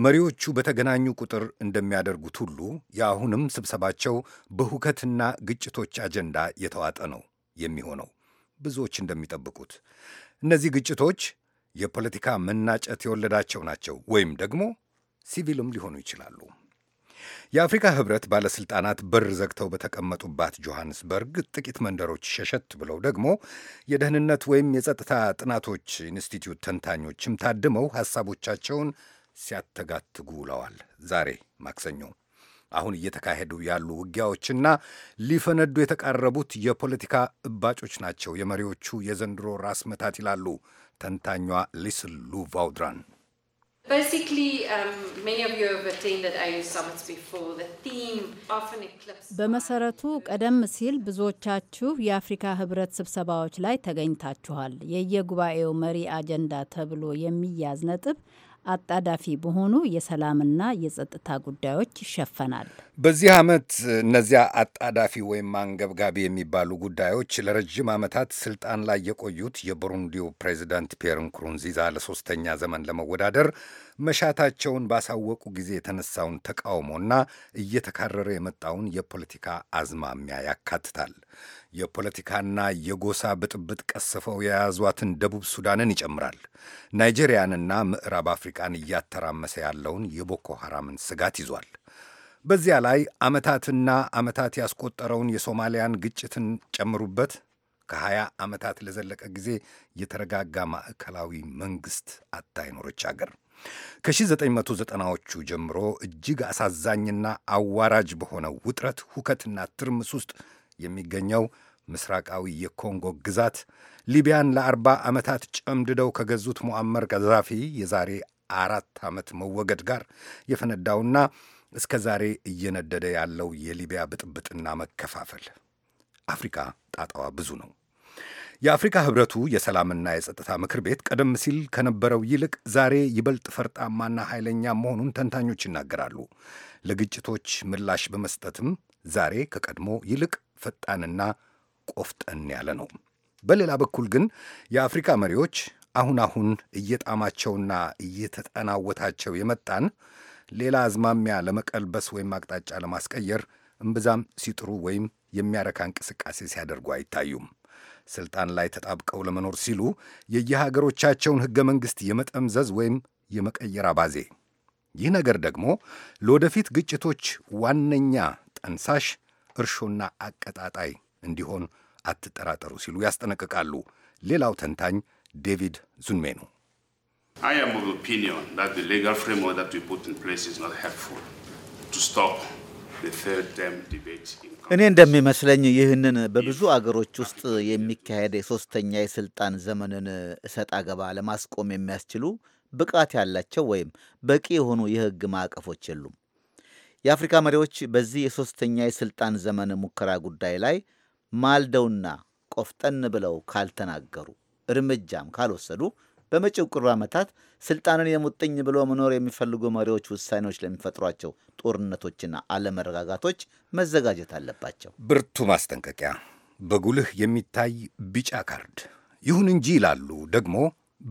መሪዎቹ በተገናኙ ቁጥር እንደሚያደርጉት ሁሉ የአሁንም ስብሰባቸው በሁከትና ግጭቶች አጀንዳ የተዋጠ ነው የሚሆነው ብዙዎች እንደሚጠብቁት። እነዚህ ግጭቶች የፖለቲካ መናጨት የወለዳቸው ናቸው ወይም ደግሞ ሲቪልም ሊሆኑ ይችላሉ። የአፍሪካ ህብረት ባለሥልጣናት በር ዘግተው በተቀመጡባት ጆሐንስበርግ ጥቂት መንደሮች ሸሸት ብለው ደግሞ የደህንነት ወይም የጸጥታ ጥናቶች ኢንስቲትዩት ተንታኞችም ታድመው ሐሳቦቻቸውን ሲያተጋትጉ ውለዋል። ዛሬ ማክሰኞ አሁን እየተካሄዱ ያሉ ውጊያዎችና ሊፈነዱ የተቃረቡት የፖለቲካ እባጮች ናቸው የመሪዎቹ የዘንድሮ ራስ መታት ይላሉ ተንታኟ ሊስሉ ቫውድራን። በመሰረቱ ቀደም ሲል ብዙዎቻችሁ የአፍሪካ ህብረት ስብሰባዎች ላይ ተገኝታችኋል። የየጉባኤው መሪ አጀንዳ ተብሎ የሚያዝ ነጥብ አጣዳፊ በሆኑ የሰላምና የጸጥታ ጉዳዮች ይሸፈናል። በዚህ ዓመት እነዚያ አጣዳፊ ወይም አንገብጋቢ የሚባሉ ጉዳዮች ለረጅም ዓመታት ስልጣን ላይ የቆዩት የቡሩንዲው ፕሬዚዳንት ፒየር ንኩሩንዚዛ ለሶስተኛ ዘመን ለመወዳደር መሻታቸውን ባሳወቁ ጊዜ የተነሳውን ተቃውሞና እየተካረረ የመጣውን የፖለቲካ አዝማሚያ ያካትታል። የፖለቲካና የጎሳ ብጥብጥ ቀስፈው የያዟትን ደቡብ ሱዳንን ይጨምራል። ናይጄሪያንና ምዕራብ አፍሪቃን እያተራመሰ ያለውን የቦኮ ሐራምን ስጋት ይዟል። በዚያ ላይ ዓመታትና ዓመታት ያስቆጠረውን የሶማሊያን ግጭትን ጨምሩበት። ከሀያ ዓመታት ለዘለቀ ጊዜ የተረጋጋ ማዕከላዊ መንግሥት አታይኖሮች አገር ከ1990ዎቹ ጀምሮ እጅግ አሳዛኝና አዋራጅ በሆነው ውጥረት፣ ሁከትና ትርምስ ውስጥ የሚገኘው ምስራቃዊ የኮንጎ ግዛት ሊቢያን ለአርባ ዓመታት ጨምድደው ከገዙት ሙአመር ቀዛፊ የዛሬ አራት ዓመት መወገድ ጋር የፈነዳውና እስከ ዛሬ እየነደደ ያለው የሊቢያ ብጥብጥና መከፋፈል አፍሪካ ጣጣዋ ብዙ ነው። የአፍሪካ ህብረቱ የሰላምና የጸጥታ ምክር ቤት ቀደም ሲል ከነበረው ይልቅ ዛሬ ይበልጥ ፈርጣማና ኃይለኛ መሆኑን ተንታኞች ይናገራሉ። ለግጭቶች ምላሽ በመስጠትም ዛሬ ከቀድሞ ይልቅ ፈጣንና ቆፍጠን ያለ ነው። በሌላ በኩል ግን የአፍሪካ መሪዎች አሁን አሁን እየጣማቸውና እየተጠናወታቸው የመጣን ሌላ አዝማሚያ ለመቀልበስ ወይም አቅጣጫ ለማስቀየር እምብዛም ሲጥሩ ወይም የሚያረካ እንቅስቃሴ ሲያደርጉ አይታዩም። ስልጣን ላይ ተጣብቀው ለመኖር ሲሉ የየሀገሮቻቸውን ሕገ መንግሥት የመጠምዘዝ ወይም የመቀየር አባዜ። ይህ ነገር ደግሞ ለወደፊት ግጭቶች ዋነኛ ጠንሳሽ እርሾና አቀጣጣይ እንዲሆን አትጠራጠሩ ሲሉ ያስጠነቅቃሉ። ሌላው ተንታኝ ዴቪድ ዙንሜ ነው። እኔ እንደሚመስለኝ ይህንን በብዙ አገሮች ውስጥ የሚካሄድ የሶስተኛ የስልጣን ዘመንን እሰጥ አገባ ለማስቆም የሚያስችሉ ብቃት ያላቸው ወይም በቂ የሆኑ የህግ ማዕቀፎች የሉም። የአፍሪካ መሪዎች በዚህ የሶስተኛ የስልጣን ዘመን ሙከራ ጉዳይ ላይ ማልደውና ቆፍጠን ብለው ካልተናገሩ እርምጃም ካልወሰዱ በመጪው ቅርብ ዓመታት ስልጣንን የሙጥኝ ብሎ መኖር የሚፈልጉ መሪዎች ውሳኔዎች ለሚፈጥሯቸው ጦርነቶችና አለመረጋጋቶች መዘጋጀት አለባቸው። ብርቱ ማስጠንቀቂያ በጉልህ የሚታይ ቢጫ ካርድ። ይሁን እንጂ ይላሉ ደግሞ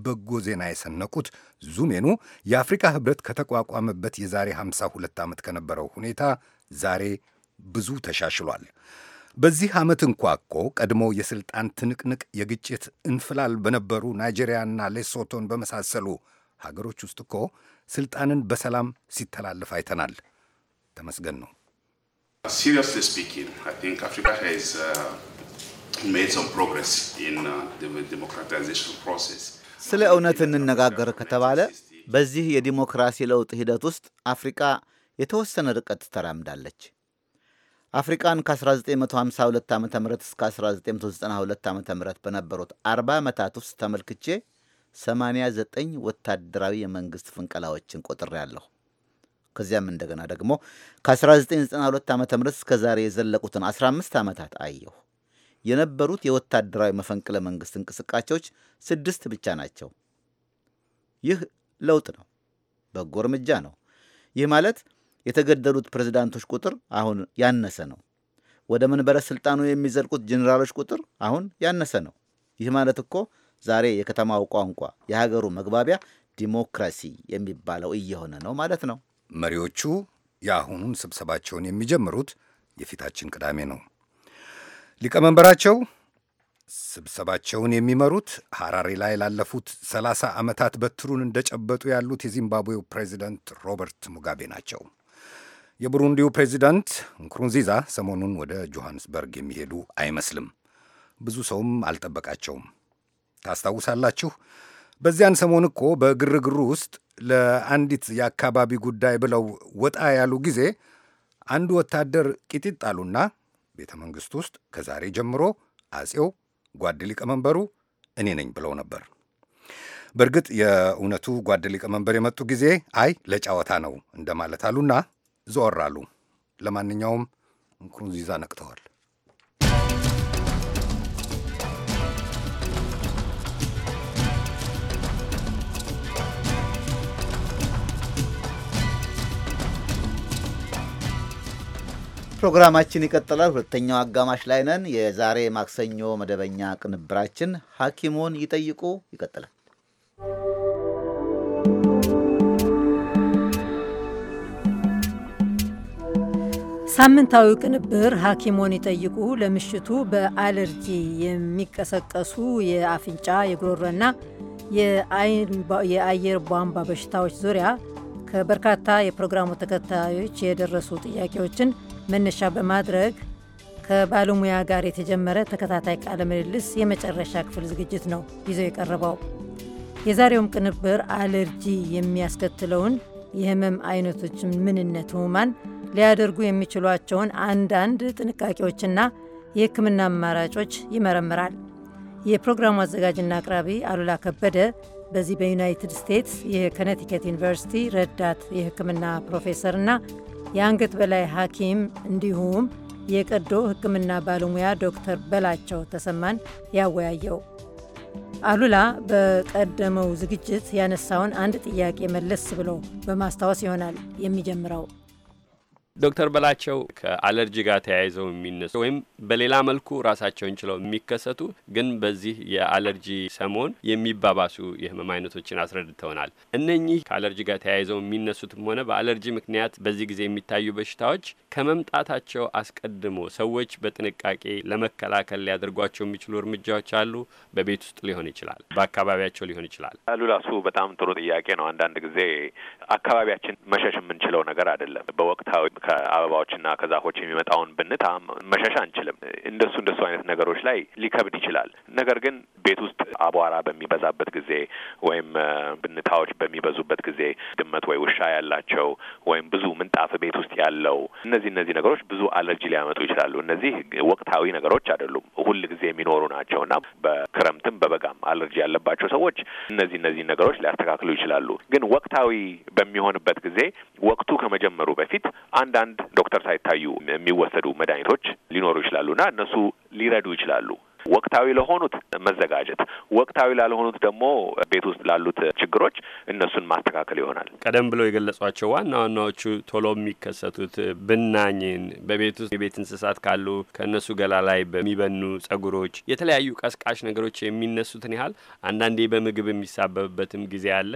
በጎ ዜና የሰነቁት ዙሜኑ የአፍሪካ ህብረት ከተቋቋመበት የዛሬ 52 ዓመት ከነበረው ሁኔታ ዛሬ ብዙ ተሻሽሏል። በዚህ ዓመት እንኳ እኮ ቀድሞ የሥልጣን ትንቅንቅ የግጭት እንፍላል በነበሩ ናይጄሪያና ሌሶቶን በመሳሰሉ ሀገሮች ውስጥ እኮ ሥልጣንን በሰላም ሲተላለፍ አይተናል። ተመስገን ነው። uh, uh, ስለ እውነት እንነጋገር ከተባለ በዚህ የዲሞክራሲ ለውጥ ሂደት ውስጥ አፍሪቃ የተወሰነ ርቀት ተራምዳለች። አፍሪቃን ከ1952 ዓ ም እስከ 1992 ዓ ም በነበሩት 40 ዓመታት ውስጥ ተመልክቼ 89 ወታደራዊ የመንግሥት ፍንቀላዎችን ቆጥሬያለሁ። ከዚያም እንደገና ደግሞ ከ1992 ዓ ም እስከ ዛሬ የዘለቁትን 15 ዓመታት አየሁ። የነበሩት የወታደራዊ መፈንቅለ መንግሥት እንቅስቃሴዎች ስድስት ብቻ ናቸው። ይህ ለውጥ ነው፣ በጎ እርምጃ ነው። ይህ ማለት የተገደሉት ፕሬዝዳንቶች ቁጥር አሁን ያነሰ ነው። ወደ መንበረ ስልጣኑ የሚዘልቁት ጄኔራሎች ቁጥር አሁን ያነሰ ነው። ይህ ማለት እኮ ዛሬ የከተማው ቋንቋ የሀገሩ መግባቢያ ዲሞክራሲ የሚባለው እየሆነ ነው ማለት ነው። መሪዎቹ የአሁኑን ስብሰባቸውን የሚጀምሩት የፊታችን ቅዳሜ ነው። ሊቀመንበራቸው ስብሰባቸውን የሚመሩት ሐራሪ ላይ ላለፉት ሰላሳ ዓመታት በትሩን እንደጨበጡ ያሉት የዚምባብዌው ፕሬዚደንት ሮበርት ሙጋቤ ናቸው። የቡሩንዲው ፕሬዚዳንት ንኩሩንዚዛ ሰሞኑን ወደ ጆሃንስበርግ የሚሄዱ አይመስልም። ብዙ ሰውም አልጠበቃቸውም። ታስታውሳላችሁ፣ በዚያን ሰሞን እኮ በግርግሩ ውስጥ ለአንዲት የአካባቢ ጉዳይ ብለው ወጣ ያሉ ጊዜ አንዱ ወታደር ቂጢጥ አሉና ቤተ መንግሥት ውስጥ ከዛሬ ጀምሮ አጼው ጓድ ሊቀመንበሩ እኔ ነኝ ብለው ነበር። በእርግጥ የእውነቱ ጓድ ሊቀመንበር የመጡ ጊዜ አይ ለጨዋታ ነው እንደማለት አሉና ዞር አሉ። ለማንኛውም ንኩሩንዚዛ ነቅተዋል። ፕሮግራማችን ይቀጥላል። ሁለተኛው አጋማሽ ላይ ነን። የዛሬ ማክሰኞ መደበኛ ቅንብራችን ሐኪሙን ይጠይቁ ይቀጥላል። ሳምንታዊ ቅንብር ሐኪሞን ይጠይቁ ለምሽቱ በአለርጂ የሚቀሰቀሱ የአፍንጫ የጉሮሮና የአየር ቧንቧ በሽታዎች ዙሪያ ከበርካታ የፕሮግራሙ ተከታዮች የደረሱ ጥያቄዎችን መነሻ በማድረግ ከባለሙያ ጋር የተጀመረ ተከታታይ ቃለ ምልልስ የመጨረሻ ክፍል ዝግጅት ነው ይዞ የቀረበው። የዛሬውም ቅንብር አለርጂ የሚያስከትለውን የህመም አይነቶችን ምንነት፣ ህሙማን ሊያደርጉ የሚችሏቸውን አንዳንድ ጥንቃቄዎችና የሕክምና አማራጮች ይመረምራል። የፕሮግራሙ አዘጋጅና አቅራቢ አሉላ ከበደ በዚህ በዩናይትድ ስቴትስ የከነቲኬት ዩኒቨርሲቲ ረዳት የሕክምና ፕሮፌሰርና የአንገት በላይ ሐኪም እንዲሁም የቀዶ ሕክምና ባለሙያ ዶክተር በላቸው ተሰማን ያወያየው። አሉላ በቀደመው ዝግጅት ያነሳውን አንድ ጥያቄ መለስ ብሎ በማስታወስ ይሆናል የሚጀምረው። ዶክተር በላቸው ከአለርጂ ጋር ተያይዘው የሚነሱ ወይም በሌላ መልኩ ራሳቸውን ችለው የሚከሰቱ ግን በዚህ የአለርጂ ሰሞን የሚባባሱ የህመም አይነቶችን አስረድተውናል። እነኚህ ከአለርጂ ጋር ተያይዘው የሚነሱትም ሆነ በአለርጂ ምክንያት በዚህ ጊዜ የሚታዩ በሽታዎች ከመምጣታቸው አስቀድሞ ሰዎች በጥንቃቄ ለመከላከል ሊያደርጓቸው የሚችሉ እርምጃዎች አሉ። በቤት ውስጥ ሊሆን ይችላል፣ በአካባቢያቸው ሊሆን ይችላል። ሉላሱ በጣም ጥሩ ጥያቄ ነው። አንዳንድ ጊዜ አካባቢያችን መሸሽ የምንችለው ነገር አይደለም። በወቅታዊ ከአበባዎችና ከዛፎች የሚመጣውን ብንታ መሸሻ አንችልም። እንደሱ እንደሱ አይነት ነገሮች ላይ ሊከብድ ይችላል። ነገር ግን ቤት ውስጥ አቧራ በሚበዛበት ጊዜ ወይም ብንታዎች በሚበዙበት ጊዜ ድመት ወይ ውሻ ያላቸው ወይም ብዙ ምንጣፍ ቤት ውስጥ ያለው እነዚህ እነዚህ ነገሮች ብዙ አለርጂ ሊያመጡ ይችላሉ። እነዚህ ወቅታዊ ነገሮች አይደሉም፣ ሁል ጊዜ የሚኖሩ ናቸው እና በክረምትም በበጋም አለርጂ ያለባቸው ሰዎች እነዚህ እነዚህ ነገሮች ሊያስተካክሉ ይችላሉ። ግን ወቅታዊ በሚሆንበት ጊዜ ወቅቱ ከመጀመሩ በፊት አንድ አንዳንድ ዶክተር ሳይታዩ የሚወሰዱ መድኃኒቶች ሊኖሩ ይችላሉና እነሱ ሊረዱ ይችላሉ። ወቅታዊ ለሆኑት መዘጋጀት፣ ወቅታዊ ላልሆኑት ደግሞ ቤት ውስጥ ላሉት ችግሮች እነሱን ማስተካከል ይሆናል። ቀደም ብሎ የገለጿቸው ዋና ዋናዎቹ ቶሎ የሚከሰቱት ብናኝን፣ በቤት ውስጥ የቤት እንስሳት ካሉ ከእነሱ ገላ ላይ በሚበኑ ጸጉሮች፣ የተለያዩ ቀስቃሽ ነገሮች የሚነሱትን ያህል አንዳንዴ በምግብ የሚሳበብበትም ጊዜ አለ።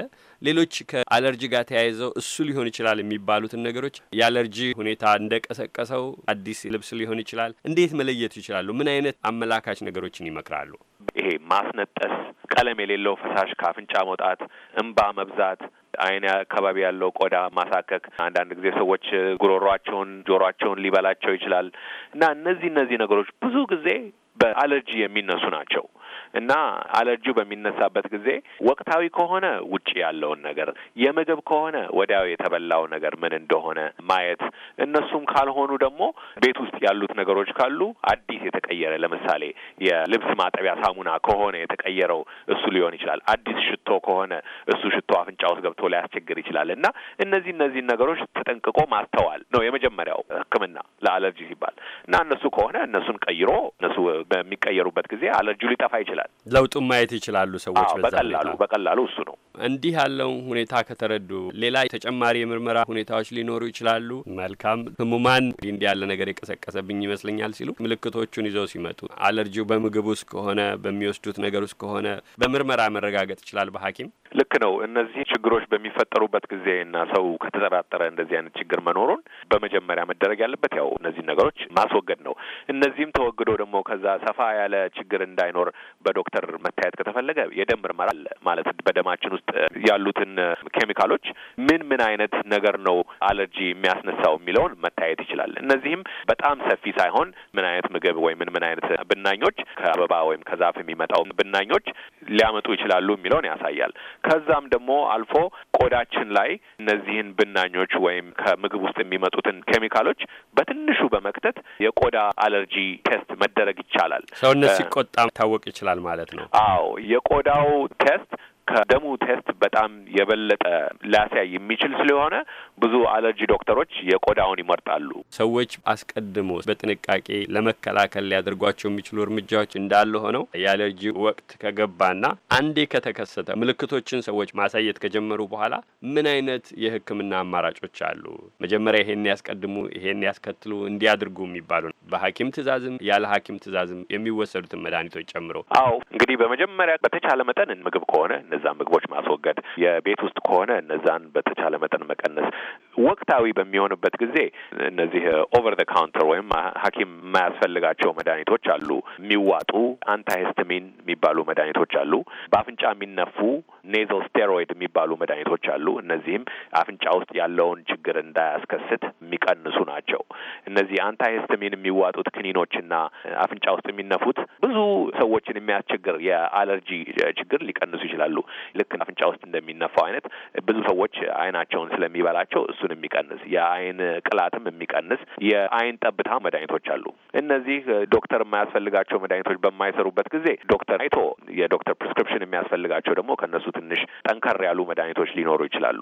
ሌሎች ከአለርጂ ጋር ተያይዘው እሱ ሊሆን ይችላል የሚባሉትን ነገሮች የአለርጂ ሁኔታ እንደቀሰቀሰው አዲስ ልብስ ሊሆን ይችላል። እንዴት መለየቱ ይችላሉ? ምን አይነት አመላካች ነገሮችን ይመክራሉ? ይሄ ማስነጠስ፣ ቀለም የሌለው ፈሳሽ ከአፍንጫ መውጣት፣ እንባ መብዛት፣ አይን አካባቢ ያለው ቆዳ ማሳከክ፣ አንዳንድ ጊዜ ሰዎች ጉሮሯቸውን፣ ጆሯቸውን ሊበላቸው ይችላል እና እነዚህ እነዚህ ነገሮች ብዙ ጊዜ በአለርጂ የሚነሱ ናቸው። እና አለርጂው በሚነሳበት ጊዜ ወቅታዊ ከሆነ ውጭ ያለውን ነገር፣ የምግብ ከሆነ ወዲያው የተበላው ነገር ምን እንደሆነ ማየት፣ እነሱም ካልሆኑ ደግሞ ቤት ውስጥ ያሉት ነገሮች ካሉ አዲስ የተቀየረ ለምሳሌ የልብስ ማጠቢያ ሳሙና ከሆነ የተቀየረው እሱ ሊሆን ይችላል። አዲስ ሽቶ ከሆነ እሱ ሽቶ አፍንጫ ውስጥ ገብቶ ሊያስቸግር ይችላል እና እነዚህ እነዚህን ነገሮች ተጠንቅቆ ማስተዋል ነው የመጀመሪያው ሕክምና ለአለርጂ ሲባል እና እነሱ ከሆነ እነሱን ቀይሮ እነሱ በሚቀየሩበት ጊዜ አለርጂው ሊጠፋ ይችላል። ይችላል። ለውጡን ማየት ይችላሉ ሰዎች በቀላሉ በቀላሉ እሱ ነው። እንዲህ ያለውን ሁኔታ ከተረዱ ሌላ ተጨማሪ የምርመራ ሁኔታዎች ሊኖሩ ይችላሉ። መልካም ህሙማን እንዲህ ያለ ነገር የቀሰቀሰብኝ ይመስለኛል ሲሉ ምልክቶቹን ይዘው ሲመጡ አለርጂው በምግብ ውስጥ ከሆነ በሚወስዱት ነገር ውስጥ ከሆነ በምርመራ መረጋገጥ ይችላል በሐኪም ልክ ነው። እነዚህ ችግሮች በሚፈጠሩበት ጊዜ እና ሰው ከተጠራጠረ እንደዚህ አይነት ችግር መኖሩን በመጀመሪያ መደረግ ያለበት ያው እነዚህ ነገሮች ማስወገድ ነው። እነዚህም ተወግዶ ደግሞ ከዛ ሰፋ ያለ ችግር እንዳይኖር በ በዶክተር መታየት ከተፈለገ የደም ምርመራ አለ ማለት በደማችን ውስጥ ያሉትን ኬሚካሎች ምን ምን አይነት ነገር ነው አለርጂ የሚያስነሳው የሚለውን መታየት ይችላል። እነዚህም በጣም ሰፊ ሳይሆን ምን አይነት ምግብ ወይም ምን ምን አይነት ብናኞች ከአበባ ወይም ከዛፍ የሚመጣው ብናኞች ሊያመጡ ይችላሉ የሚለውን ያሳያል። ከዛም ደግሞ አልፎ ቆዳችን ላይ እነዚህን ብናኞች ወይም ከምግብ ውስጥ የሚመጡትን ኬሚካሎች በትንሹ በመክተት የቆዳ አለርጂ ቴስት መደረግ ይቻላል። ሰውነት ሲቆጣ ታወቅ ይችላል ማለት ነው። አዎ የቆዳው ቴስት ከደሙ ቴስት በጣም የበለጠ ሊያሳይ የሚችል ስለሆነ ብዙ አለርጂ ዶክተሮች የቆዳውን ይመርጣሉ። ሰዎች አስቀድሞ በጥንቃቄ ለመከላከል ሊያደርጓቸው የሚችሉ እርምጃዎች እንዳለ ሆነው የአለርጂ ወቅት ከገባና አንዴ ከተከሰተ ምልክቶችን ሰዎች ማሳየት ከጀመሩ በኋላ ምን አይነት የሕክምና አማራጮች አሉ? መጀመሪያ ይሄን ያስቀድሙ፣ ይሄን ያስከትሉ፣ እንዲያድርጉ የሚባሉ በሐኪም ትእዛዝም ያለ ሐኪም ትእዛዝም የሚወሰዱትን መድኃኒቶች ጨምሮ። አዎ እንግዲህ በመጀመሪያ በተቻለ መጠን ምግብ ከሆነ እነዛን ምግቦች ማስወገድ፣ የቤት ውስጥ ከሆነ እነዛን በተቻለ መጠን መቀነስ። ወቅታዊ በሚሆንበት ጊዜ እነዚህ ኦቨር ዘ ካውንተር ወይም ሐኪም የማያስፈልጋቸው መድኃኒቶች አሉ። የሚዋጡ አንታሂስታሚን የሚባሉ መድኃኒቶች አሉ። በአፍንጫ የሚነፉ ኔዞ ስቴሮይድ የሚባሉ መድኃኒቶች አሉ። እነዚህም አፍንጫ ውስጥ ያለውን ችግር እንዳያስከስት የሚቀንሱ ናቸው። እነዚህ አንታሂስታሚን የሚዋጡት ክኒኖችና አፍንጫ ውስጥ የሚነፉት ብዙ ሰዎችን የሚያስቸግር የአለርጂ ችግር ሊቀንሱ ይችላሉ። ልክ አፍንጫ ውስጥ እንደሚነፋው አይነት ብዙ ሰዎች አይናቸውን ስለሚበላቸው እሱን የሚቀንስ የአይን ቅላትም የሚቀንስ የአይን ጠብታ መድኃኒቶች አሉ። እነዚህ ዶክተር የማያስፈልጋቸው መድኃኒቶች በማይሰሩበት ጊዜ ዶክተር አይቶ የዶክተር ፕሪስክሪፕሽን የሚያስፈልጋቸው ደግሞ ከነሱ ትንሽ ጠንከር ያሉ መድኃኒቶች ሊኖሩ ይችላሉ።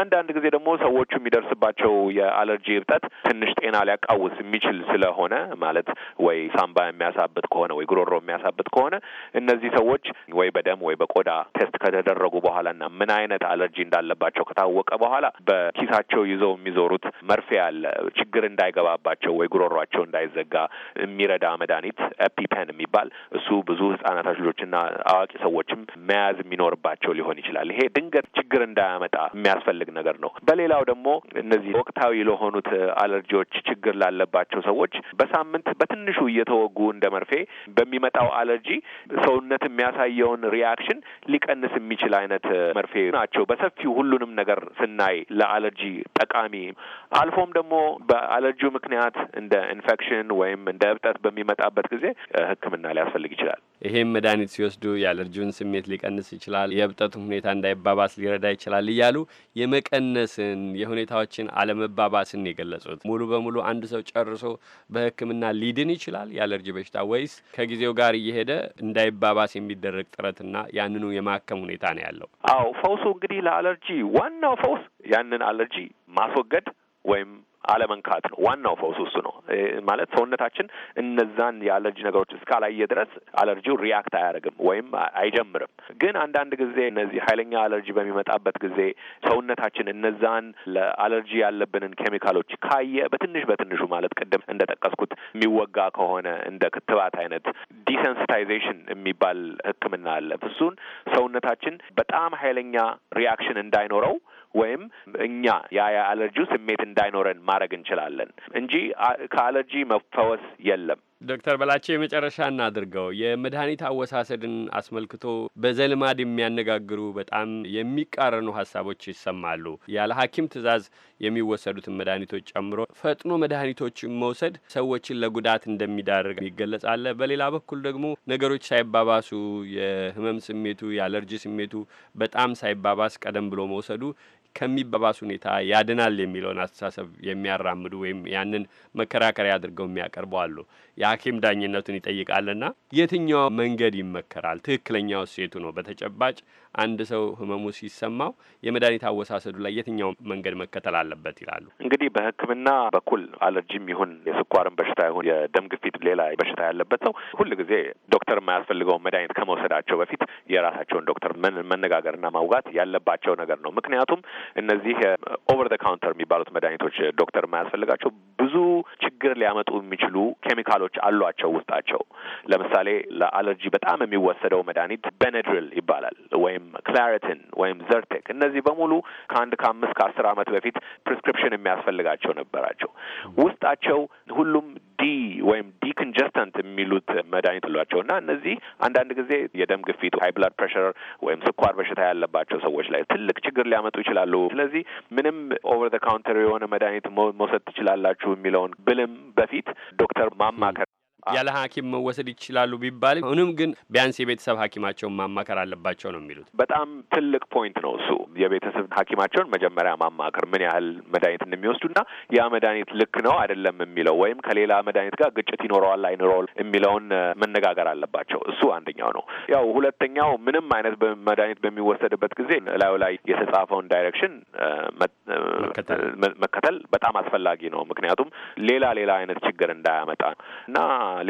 አንዳንድ ጊዜ ደግሞ ሰዎቹ የሚደርስባቸው የአለርጂ እብጠት ትንሽ ጤና ሊያቃውስ የሚችል ስለሆነ ማለት ወይ ሳምባ የሚያሳብጥ ከሆነ ወይ ጉሮሮ የሚያሳብጥ ከሆነ እነዚህ ሰዎች ወይ በደም ወይ በቆዳ ቴስት ከተደረጉ በኋላና ምን አይነት አለርጂ እንዳለባቸው ከታወቀ በኋላ በኪሳቸው ይዘው የሚዞሩት መርፌ አለ። ችግር እንዳይገባባቸው ወይ ጉሮሯቸው እንዳይዘጋ የሚረዳ መድኃኒት ኤፒፔን የሚባል እሱ ብዙ ህጻናቶች፣ ልጆችና አዋቂ ሰዎችም መያዝ የሚኖርባቸው ሊሆን ይችላል። ይሄ ድንገት ችግር እንዳያመጣ የሚያስፈልግ ነገር ነው። በሌላው ደግሞ እነዚህ ወቅታዊ ለሆኑት አለርጂዎች ችግር ላለባቸው ሰዎች በሳምንት በትንሹ እየተወጉ እንደ መርፌ በሚመጣው አለርጂ ሰውነት የሚያሳየውን ሪያክሽን ሊቀንስ ሊቀንስ የሚችል አይነት መርፌ ናቸው። በሰፊው ሁሉንም ነገር ስናይ ለአለርጂ ጠቃሚ አልፎም ደግሞ በአለርጂው ምክንያት እንደ ኢንፌክሽን ወይም እንደ እብጠት በሚመጣበት ጊዜ ሕክምና ሊያስፈልግ ይችላል። ይሄም መድኃኒት ሲወስዱ የአለርጂውን ስሜት ሊቀንስ ይችላል፣ የእብጠቱን ሁኔታ እንዳይባባስ ሊረዳ ይችላል እያሉ የመቀነስን የሁኔታዎችን አለመባባስን የገለጹት ሙሉ በሙሉ አንድ ሰው ጨርሶ በሕክምና ሊድን ይችላል የአለርጂ በሽታ ወይስ ከጊዜው ጋር እየሄደ እንዳይባባስ የሚደረግ ጥረትና ያንኑ የማከም መልካም ሁኔታ ነው ያለው። አዎ ፈውሱ እንግዲህ ለአለርጂ ዋናው ፈውስ ያንን አለርጂ ማስወገድ ወይም አለመንካት ነው ዋናው ፈውስ እሱ ነው ማለት ሰውነታችን እነዛን የአለርጂ ነገሮች እስካላየ ድረስ አለርጂው ሪያክት አያደርግም ወይም አይጀምርም። ግን አንዳንድ ጊዜ እነዚህ ኃይለኛ አለርጂ በሚመጣበት ጊዜ ሰውነታችን እነዛን ለአለርጂ ያለብንን ኬሚካሎች ካየ በትንሽ በትንሹ ማለት ቅድም እንደ ጠቀስኩት የሚወጋ ከሆነ እንደ ክትባት አይነት ዲሰንስታይዜሽን የሚባል ሕክምና አለ። እሱን ሰውነታችን በጣም ኃይለኛ ሪያክሽን እንዳይኖረው ወይም እኛ ያ የአለርጂው ስሜት እንዳይኖረን ማድረግ እንችላለን እንጂ ከአለርጂ መፈወስ የለም። ዶክተር በላቸው የመጨረሻ እናድርገው። የመድኃኒት አወሳሰድን አስመልክቶ በዘልማድ የሚያነጋግሩ በጣም የሚቃረኑ ሀሳቦች ይሰማሉ። ያለ ሐኪም ትዕዛዝ የሚወሰዱትን መድኃኒቶች ጨምሮ ፈጥኖ መድኃኒቶችን መውሰድ ሰዎችን ለጉዳት እንደሚዳርግ ይገለጻል። በሌላ በኩል ደግሞ ነገሮች ሳይባባሱ የህመም ስሜቱ የአለርጂ ስሜቱ በጣም ሳይባባስ ቀደም ብሎ መውሰዱ ከሚባባስ ሁኔታ ያድናል የሚለውን አስተሳሰብ የሚያራምዱ ወይም ያንን መከራከሪያ አድርገው የሚያቀርቡ አሉ። የሐኪም ዳኝነቱን ይጠይቃልና የትኛው መንገድ ይመከራል? ትክክለኛው ሴቱ ነው በተጨባጭ አንድ ሰው ህመሙ ሲሰማው የመድኃኒት አወሳሰዱ ላይ የትኛው መንገድ መከተል አለበት ይላሉ? እንግዲህ በህክምና በኩል አለርጂም ይሁን የስኳርን በሽታ ይሁን የደም ግፊት፣ ሌላ በሽታ ያለበት ሰው ሁል ጊዜ ዶክተር የማያስፈልገውን መድኃኒት ከመውሰዳቸው በፊት የራሳቸውን ዶክተር መነጋገርና ማውጋት ያለባቸው ነገር ነው። ምክንያቱም እነዚህ ኦቨር ካውንተር የሚባሉት መድኃኒቶች ዶክተር የማያስፈልጋቸው ብዙ ችግር ሊያመጡ የሚችሉ ኬሚካሎች አሏቸው ውስጣቸው። ለምሳሌ ለአለርጂ በጣም የሚወሰደው መድኃኒት በነድሪል ይባላል ወይም ወይም ክላሪትን ወይም ዘርቴክ እነዚህ በሙሉ ከአንድ ከአምስት ከአስር ዓመት በፊት ፕሪስክሪፕሽን የሚያስፈልጋቸው ነበራቸው። ውስጣቸው ሁሉም ዲ ወይም ኮንጀስተንት የሚሉት መድኃኒት ሏቸው እና እነዚህ አንዳንድ ጊዜ የደም ግፊት፣ ሀይ ብላድ ፕሬሽር ወይም ስኳር በሽታ ያለባቸው ሰዎች ላይ ትልቅ ችግር ሊያመጡ ይችላሉ። ስለዚህ ምንም ኦቨር ዘ ካውንተር የሆነ መድኃኒት መውሰድ ትችላላችሁ የሚለውን ብልም በፊት ዶክተር ማማከር ያለ ሐኪም መወሰድ ይችላሉ ቢባል አሁንም ግን ቢያንስ የቤተሰብ ሐኪማቸውን ማማከር አለባቸው ነው የሚሉት። በጣም ትልቅ ፖይንት ነው እሱ። የቤተሰብ ሐኪማቸውን መጀመሪያ ማማከር ምን ያህል መድኃኒት እንደሚወስዱና ያ መድኃኒት ልክ ነው አይደለም የሚለው ወይም ከሌላ መድኃኒት ጋር ግጭት ይኖረዋል አይኖረዋል የሚለውን መነጋገር አለባቸው። እሱ አንደኛው ነው። ያው ሁለተኛው ምንም አይነት መድኃኒት በሚወሰድበት ጊዜ ላዩ ላይ የተጻፈውን ዳይሬክሽን መከተል በጣም አስፈላጊ ነው። ምክንያቱም ሌላ ሌላ አይነት ችግር እንዳያመጣ እና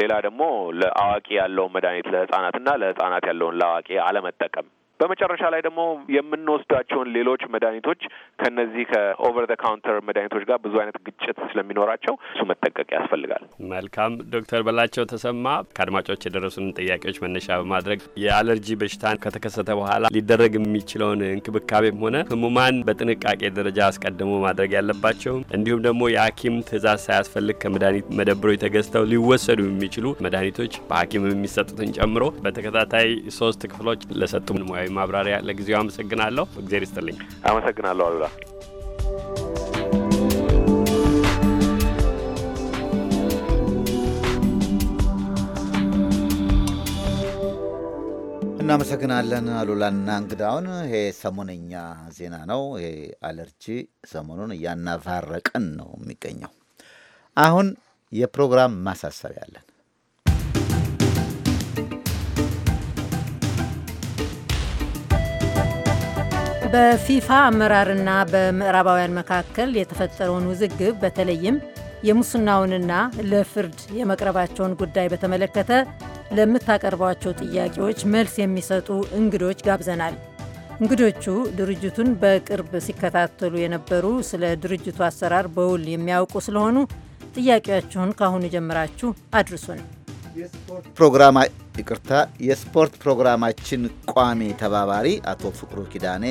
ሌላ ደግሞ ለአዋቂ ያለውን መድኃኒት ለህጻናትና ለህጻናት ያለውን ለአዋቂ አለመጠቀም በመጨረሻ ላይ ደግሞ የምንወስዳቸውን ሌሎች መድኃኒቶች ከነዚህ ከኦቨር ዘ ካውንተር መድኃኒቶች ጋር ብዙ አይነት ግጭት ስለሚኖራቸው እሱ መጠንቀቅ ያስፈልጋል። መልካም ዶክተር በላቸው ተሰማ ከአድማጮች የደረሱን ጥያቄዎች መነሻ በማድረግ የአለርጂ በሽታን ከተከሰተ በኋላ ሊደረግ የሚችለውን እንክብካቤም ሆነ ህሙማን በጥንቃቄ ደረጃ አስቀድሞ ማድረግ ያለባቸው እንዲሁም ደግሞ የሐኪም ትዕዛዝ ሳያስፈልግ ከመድኃኒት መደብሮች ተገዝተው ሊወሰዱ የሚችሉ መድኃኒቶች በሐኪም የሚሰጡትን ጨምሮ በተከታታይ ሶስት ክፍሎች ለሰጡ ሙያዊ ወይም ማብራሪያ ለጊዜው አመሰግናለሁ። እግዜር ይስጥልኝ። አመሰግናለሁ አሉላ። እናመሰግናለን አሉላና እንግዳውን። ይሄ ሰሞነኛ ዜና ነው። ይሄ አለርጂ ሰሞኑን እያናፋረቀን ነው የሚገኘው። አሁን የፕሮግራም ማሳሰቢያ አለን። በፊፋ አመራርና በምዕራባውያን መካከል የተፈጠረውን ውዝግብ በተለይም የሙስናውንና ለፍርድ የመቅረባቸውን ጉዳይ በተመለከተ ለምታቀርቧቸው ጥያቄዎች መልስ የሚሰጡ እንግዶች ጋብዘናል። እንግዶቹ ድርጅቱን በቅርብ ሲከታተሉ የነበሩ ስለ ድርጅቱ አሰራር በውል የሚያውቁ ስለሆኑ ጥያቄያችሁን ካሁኑ ጀምራችሁ አድርሱን። ፕሮግራማ ይቅርታ የስፖርት ፕሮግራማችን ቋሚ ተባባሪ አቶ ፍቅሩ ኪዳኔ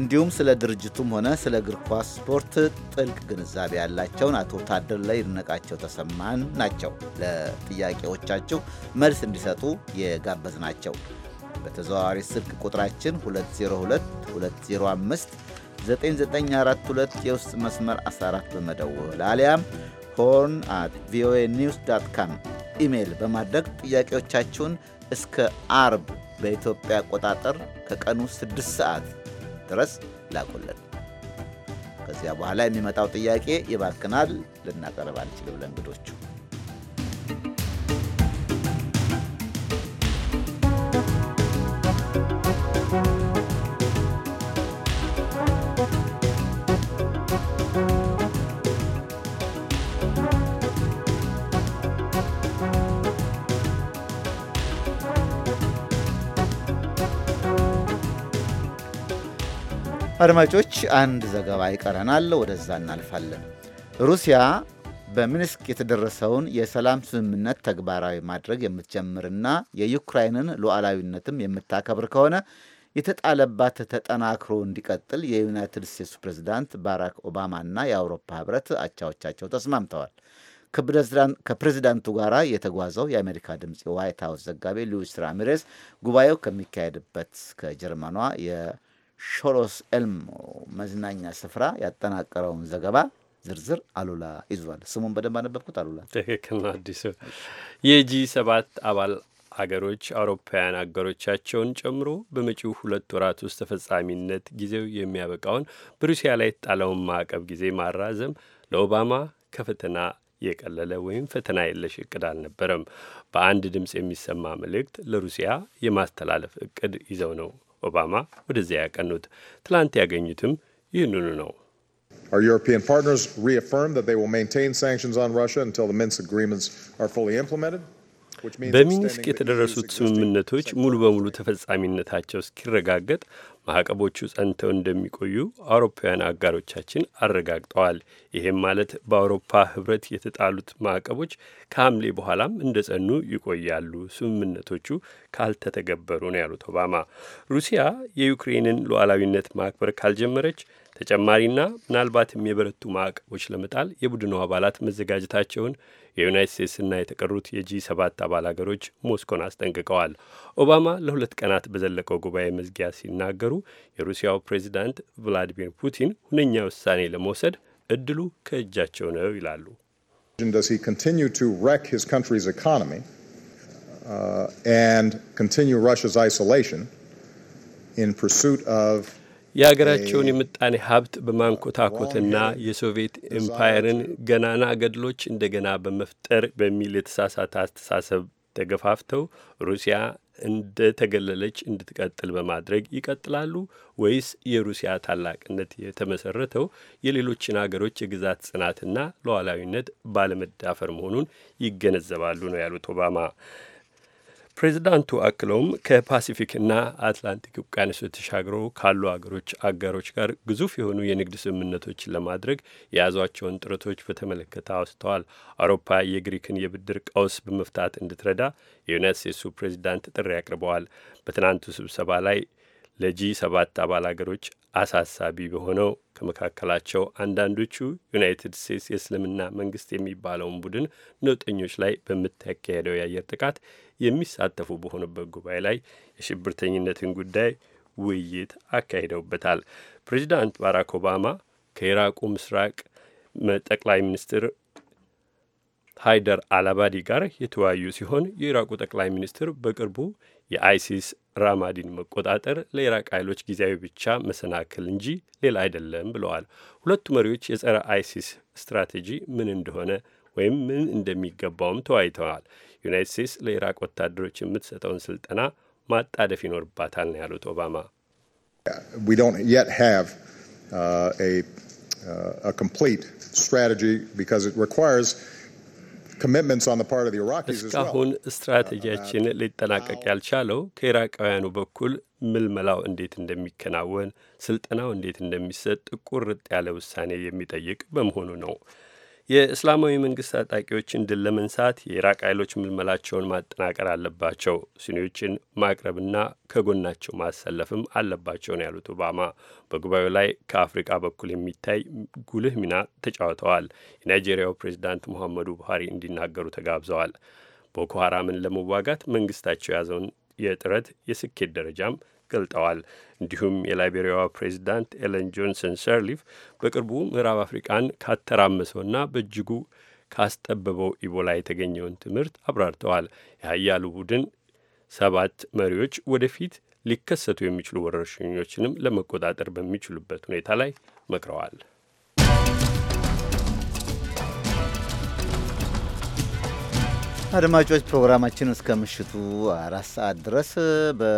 እንዲሁም ስለ ድርጅቱም ሆነ ስለ እግር ኳስ ስፖርት ጥልቅ ግንዛቤ ያላቸውን አቶ ታደር ላይ ይድነቃቸው ተሰማን ናቸው። ለጥያቄዎቻችሁ መልስ እንዲሰጡ የጋበዝ ናቸው። በተዘዋዋሪ ስልክ ቁጥራችን 202205 9942 የውስጥ መስመር 14 በመደወል አሊያም ሆርን አት ቪኦኤ ኒውስ ዳት ካም ኢሜይል በማድረግ ጥያቄዎቻችሁን እስከ አርብ በኢትዮጵያ አቆጣጠር ከቀኑ 6 ሰዓት ድረስ ላቁለን። ከዚያ በኋላ የሚመጣው ጥያቄ ይባክናል፣ ልናቀርብ አልችል እንግዶቹ አድማጮች አንድ ዘገባ ይቀረናል። ወደዛ እናልፋለን። ሩሲያ በሚንስክ የተደረሰውን የሰላም ስምምነት ተግባራዊ ማድረግ የምትጀምርና የዩክራይንን ሉዓላዊነትም የምታከብር ከሆነ የተጣለባት ተጠናክሮ እንዲቀጥል የዩናይትድ ስቴትስ ፕሬዚዳንት ባራክ ኦባማና የአውሮፓ ህብረት አቻዎቻቸው ተስማምተዋል። ከፕሬዚዳንቱ ጋር የተጓዘው የአሜሪካ ድምፅ የዋይት ሀውስ ዘጋቢ ሉዊስ ራሚሬስ ጉባኤው ከሚካሄድበት ከጀርመኗ ሾሎስ ኤልሞ መዝናኛ ስፍራ ያጠናቀረውን ዘገባ ዝርዝር አሉላ ይዟል። ስሙን በደንብ አነበብኩት አሉላ? ትክክል ነው። አዲሱ የጂ ሰባት አባል አገሮች አውሮፓውያን አገሮቻቸውን ጨምሮ በመጪው ሁለት ወራት ውስጥ ተፈጻሚነት ጊዜው የሚያበቃውን በሩሲያ ላይ ጣለውን ማዕቀብ ጊዜ ማራዘም ለኦባማ ከፈተና የቀለለ ወይም ፈተና የለሽ እቅድ አልነበረም። በአንድ ድምፅ የሚሰማ መልእክት ለሩሲያ የማስተላለፍ እቅድ ይዘው ነው ኦባማ ወደዚያ ያቀኑት። ትላንት ያገኙትም ይህንኑ ነው። በሚኒስክ e የተደረሱት ስምምነቶች ሙሉ በሙሉ ተፈጻሚነታቸው እስኪረጋገጥ ማዕቀቦቹ ጸንተው እንደሚቆዩ አውሮፓውያን አጋሮቻችን አረጋግጠዋል። ይህም ማለት በአውሮፓ ህብረት የተጣሉት ማዕቀቦች ከሐምሌ በኋላም እንደ ጸኑ ይቆያሉ፣ ስምምነቶቹ ካልተተገበሩ ነው ያሉት ኦባማ። ሩሲያ የዩክሬንን ሉዓላዊነት ማክበር ካልጀመረች ተጨማሪና ምናልባትም የበረቱ ማዕቀቦች ለመጣል የቡድኑ አባላት መዘጋጀታቸውን የዩናይት ስቴትስና የተቀሩት የጂ ሰባት አባል አገሮች ሞስኮን አስጠንቅቀዋል። ኦባማ ለሁለት ቀናት በዘለቀው ጉባኤ መዝጊያ ሲናገሩ የሩሲያው ፕሬዚዳንት ቭላዲሚር ፑቲን ሁነኛ ውሳኔ ለመውሰድ እድሉ ከእጃቸው ነው ይላሉ። ኢኮኖሚ የሀገራቸውን የምጣኔ ሀብት በማንኮታኮትና የሶቪየት ኤምፓየርን ገናና ገድሎች እንደገና በመፍጠር በሚል የተሳሳተ አስተሳሰብ ተገፋፍተው ሩሲያ እንደተገለለች እንድትቀጥል በማድረግ ይቀጥላሉ ወይስ የሩሲያ ታላቅነት የተመሰረተው የሌሎችን አገሮች የግዛት ጽናትና ሉዓላዊነት ባለመዳፈር መሆኑን ይገነዘባሉ ነው ያሉት ኦባማ። ፕሬዚዳንቱ አክለውም ከፓሲፊክና አትላንቲክ ውቅያኖስ ተሻግሮ ካሉ አገሮች አጋሮች ጋር ግዙፍ የሆኑ የንግድ ስምምነቶችን ለማድረግ የያዟቸውን ጥረቶች በተመለከተ አውስተዋል። አውሮፓ የግሪክን የብድር ቀውስ በመፍታት እንድትረዳ የዩናይት ስቴትሱ ፕሬዚዳንት ጥሪ አቅርበዋል። በትናንቱ ስብሰባ ላይ ለጂ ሰባት አባል አገሮች አሳሳቢ በሆነው ከመካከላቸው አንዳንዶቹ ዩናይትድ ስቴትስ የእስልምና መንግስት የሚባለውን ቡድን ነውጠኞች ላይ በምታካሄደው የአየር ጥቃት የሚሳተፉ በሆኑበት ጉባኤ ላይ የሽብርተኝነትን ጉዳይ ውይይት አካሂደውበታል። ፕሬዚዳንት ባራክ ኦባማ ከኢራቁ ምስራቅ ጠቅላይ ሚኒስትር ሃይደር አልአባዲ ጋር የተወያዩ ሲሆን የኢራቁ ጠቅላይ ሚኒስትር በቅርቡ የአይሲስ ራማዲን መቆጣጠር ለኢራቅ ኃይሎች ጊዜያዊ ብቻ መሰናክል እንጂ ሌላ አይደለም ብለዋል። ሁለቱ መሪዎች የጸረ አይሲስ ስትራቴጂ ምን እንደሆነ ወይም ምን እንደሚገባውም ተወያይተዋል። ዩናይት ስቴትስ ለኢራቅ ወታደሮች የምትሰጠውን ስልጠና ማጣደፍ ይኖርባታል ነው ያሉት ኦባማ። ስትራቴጂ እስካሁን ስትራቴጂያችን ሊጠናቀቅ ያልቻለው ከኢራቃውያኑ በኩል ምልመላው እንዴት እንደሚከናወን፣ ስልጠናው እንዴት እንደሚሰጥ ቁርጥ ያለ ውሳኔ የሚጠይቅ በመሆኑ ነው። የእስላማዊ መንግስት ታጣቂዎችን ድል ለመንሳት የኢራቅ ኃይሎች ምልመላቸውን ማጠናቀር አለባቸው፣ ሲኒዎችን ማቅረብና ከጎናቸው ማሰለፍም አለባቸው ነው ያሉት ኦባማ በጉባኤው ላይ ከአፍሪቃ በኩል የሚታይ ጉልህ ሚና ተጫውተዋል። የናይጄሪያው ፕሬዚዳንት ሙሐመዱ ቡሃሪ እንዲናገሩ ተጋብዘዋል። ቦኮ ሀራምን ለመዋጋት መንግስታቸው የያዘውን የጥረት የስኬት ደረጃም ገልጠዋል። እንዲሁም የላይቤሪያዋ ፕሬዚዳንት ኤለን ጆንሰን ሰርሊፍ በቅርቡ ምዕራብ አፍሪቃን ካተራመሰውና በእጅጉ ካስጠበበው ኢቦላ የተገኘውን ትምህርት አብራርተዋል። የሀያሉ ቡድን ሰባት መሪዎች ወደፊት ሊከሰቱ የሚችሉ ወረርሽኞችንም ለመቆጣጠር በሚችሉበት ሁኔታ ላይ መክረዋል። አድማጮች ፕሮግራማችን እስከ ምሽቱ አራት ሰዓት ድረስ በ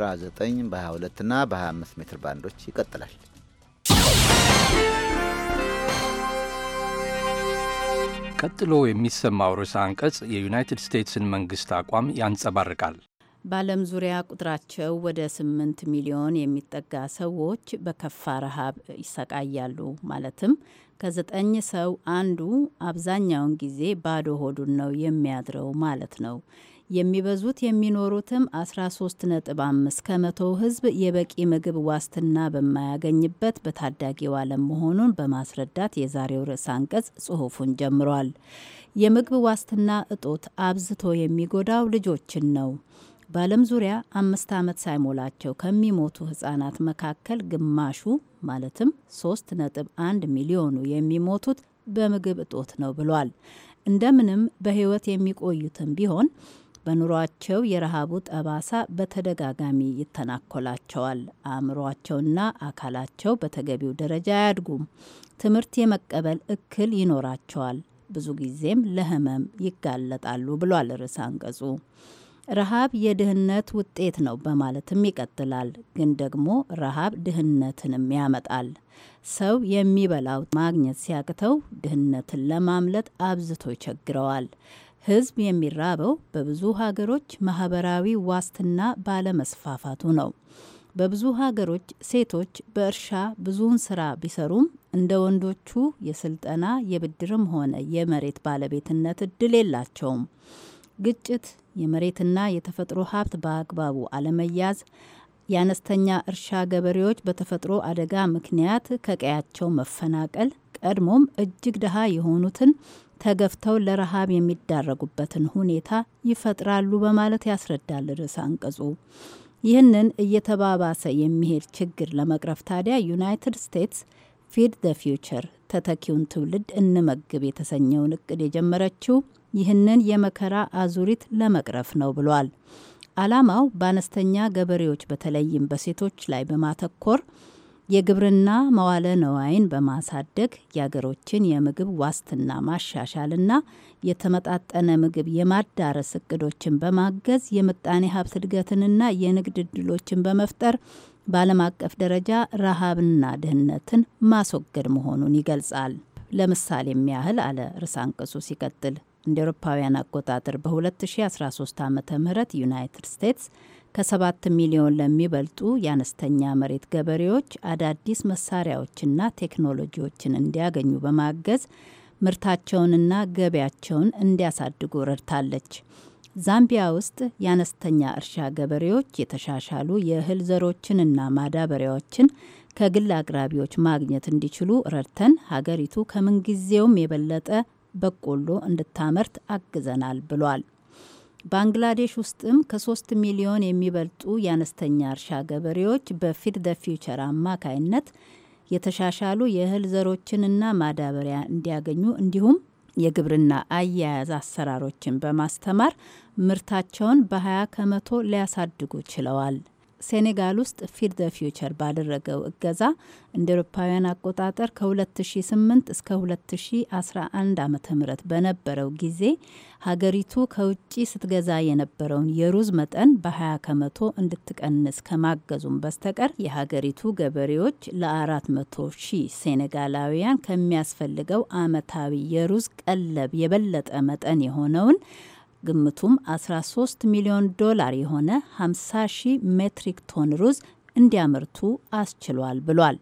በ19 በ22 እና በ25 ሜትር ባንዶች ይቀጥላል። ቀጥሎ የሚሰማው ርዕሰ አንቀጽ የዩናይትድ ስቴትስን መንግስት አቋም ያንጸባርቃል። በዓለም ዙሪያ ቁጥራቸው ወደ ስምንት ሚሊዮን የሚጠጋ ሰዎች በከፋ ረሃብ ይሰቃያሉ። ማለትም ከዘጠኝ ሰው አንዱ አብዛኛውን ጊዜ ባዶ ሆዱን ነው የሚያድረው ማለት ነው። የሚበዙት የሚኖሩትም 13.5 ከመቶው ህዝብ የበቂ ምግብ ዋስትና በማያገኝበት በታዳጊው ዓለም መሆኑን በማስረዳት የዛሬው ርዕስ አንቀጽ ጽሑፉን ጀምሯል። የምግብ ዋስትና እጦት አብዝቶ የሚጎዳው ልጆችን ነው። በዓለም ዙሪያ አምስት ዓመት ሳይሞላቸው ከሚሞቱ ህጻናት መካከል ግማሹ ማለትም 3.1 ሚሊዮኑ የሚሞቱት በምግብ እጦት ነው ብሏል። እንደምንም በህይወት የሚቆዩትም ቢሆን በኑሯቸው የረሃቡ ጠባሳ በተደጋጋሚ ይተናኮላቸዋል። አእምሯቸውና አካላቸው በተገቢው ደረጃ አያድጉም። ትምህርት የመቀበል እክል ይኖራቸዋል። ብዙ ጊዜም ለህመም ይጋለጣሉ ብሏል ርዕስ አንቀጹ። ረሃብ የድህነት ውጤት ነው በማለትም ይቀጥላል። ግን ደግሞ ረሃብ ድህነትንም ያመጣል። ሰው የሚበላው ማግኘት ሲያቅተው ድህነትን ለማምለጥ አብዝቶ ይቸግረዋል። ህዝብ የሚራበው በብዙ ሀገሮች ማህበራዊ ዋስትና ባለመስፋፋቱ ነው። በብዙ ሀገሮች ሴቶች በእርሻ ብዙውን ስራ ቢሰሩም እንደ ወንዶቹ የስልጠና የብድርም ሆነ የመሬት ባለቤትነት እድል የላቸውም። ግጭት፣ የመሬትና የተፈጥሮ ሀብት በአግባቡ አለመያዝ፣ የአነስተኛ እርሻ ገበሬዎች በተፈጥሮ አደጋ ምክንያት ከቀያቸው መፈናቀል ቀድሞም እጅግ ድሃ የሆኑትን ተገፍተው ለረሃብ የሚዳረጉበትን ሁኔታ ይፈጥራሉ በማለት ያስረዳል ርዕስ አንቀጹ። ይህንን እየተባባሰ የሚሄድ ችግር ለመቅረፍ ታዲያ ዩናይትድ ስቴትስ ፊድ ዘ ፊውቸር ተተኪውን ትውልድ እንመግብ የተሰኘውን እቅድ የጀመረችው ይህንን የመከራ አዙሪት ለመቅረፍ ነው ብሏል። ዓላማው በአነስተኛ ገበሬዎች በተለይም በሴቶች ላይ በማተኮር የግብርና መዋለ ነዋይን በማሳደግ የአገሮችን የምግብ ዋስትና ማሻሻልና የተመጣጠነ ምግብ የማዳረስ እቅዶችን በማገዝ የምጣኔ ሀብት እድገትንና የንግድ እድሎችን በመፍጠር በዓለም አቀፍ ደረጃ ረሃብና ድህነትን ማስወገድ መሆኑን ይገልጻል። ለምሳሌም ያህል አለ ርዕሰ አንቀጹ ሲቀጥል እንደ አውሮፓውያን አቆጣጠር በ2013 ዓ ም ዩናይትድ ስቴትስ ከሰባት ሚሊዮን ለሚበልጡ የአነስተኛ መሬት ገበሬዎች አዳዲስ መሳሪያዎችና ቴክኖሎጂዎችን እንዲያገኙ በማገዝ ምርታቸውንና ገበያቸውን እንዲያሳድጉ ረድታለች። ዛምቢያ ውስጥ የአነስተኛ እርሻ ገበሬዎች የተሻሻሉ የእህል ዘሮችንና ማዳበሪያዎችን ከግል አቅራቢዎች ማግኘት እንዲችሉ ረድተን ሀገሪቱ ከምንጊዜውም የበለጠ በቆሎ እንድታመርት አግዘናል ብሏል። ባንግላዴሽ ውስጥም ከሶስት ሚሊዮን የሚበልጡ የአነስተኛ እርሻ ገበሬዎች በፊድ ደ ፊውቸር አማካይነት የተሻሻሉ የእህል ዘሮችንና ማዳበሪያ እንዲያገኙ እንዲሁም የግብርና አያያዝ አሰራሮችን በማስተማር ምርታቸውን በ20 ከመቶ ሊያሳድጉ ችለዋል። ሴኔጋል ውስጥ ፊድ ደ ፊውቸር ባደረገው እገዛ እንደ ኤሮፓውያን አቆጣጠር ከ2008 እስከ 2011 ዓ ም በነበረው ጊዜ ሀገሪቱ ከውጭ ስትገዛ የነበረውን የሩዝ መጠን በ20 ከመቶ እንድትቀንስ ከማገዙም በስተቀር የሀገሪቱ ገበሬዎች ለ400 ሺህ ሴኔጋላውያን ከሚያስፈልገው አመታዊ የሩዝ ቀለብ የበለጠ መጠን የሆነውን ግምቱም 13 ሚሊዮን ዶላር የሆነ 50 ሺህ ሜትሪክ ቶን ሩዝ እንዲያመርቱ አስችሏል ብሏል።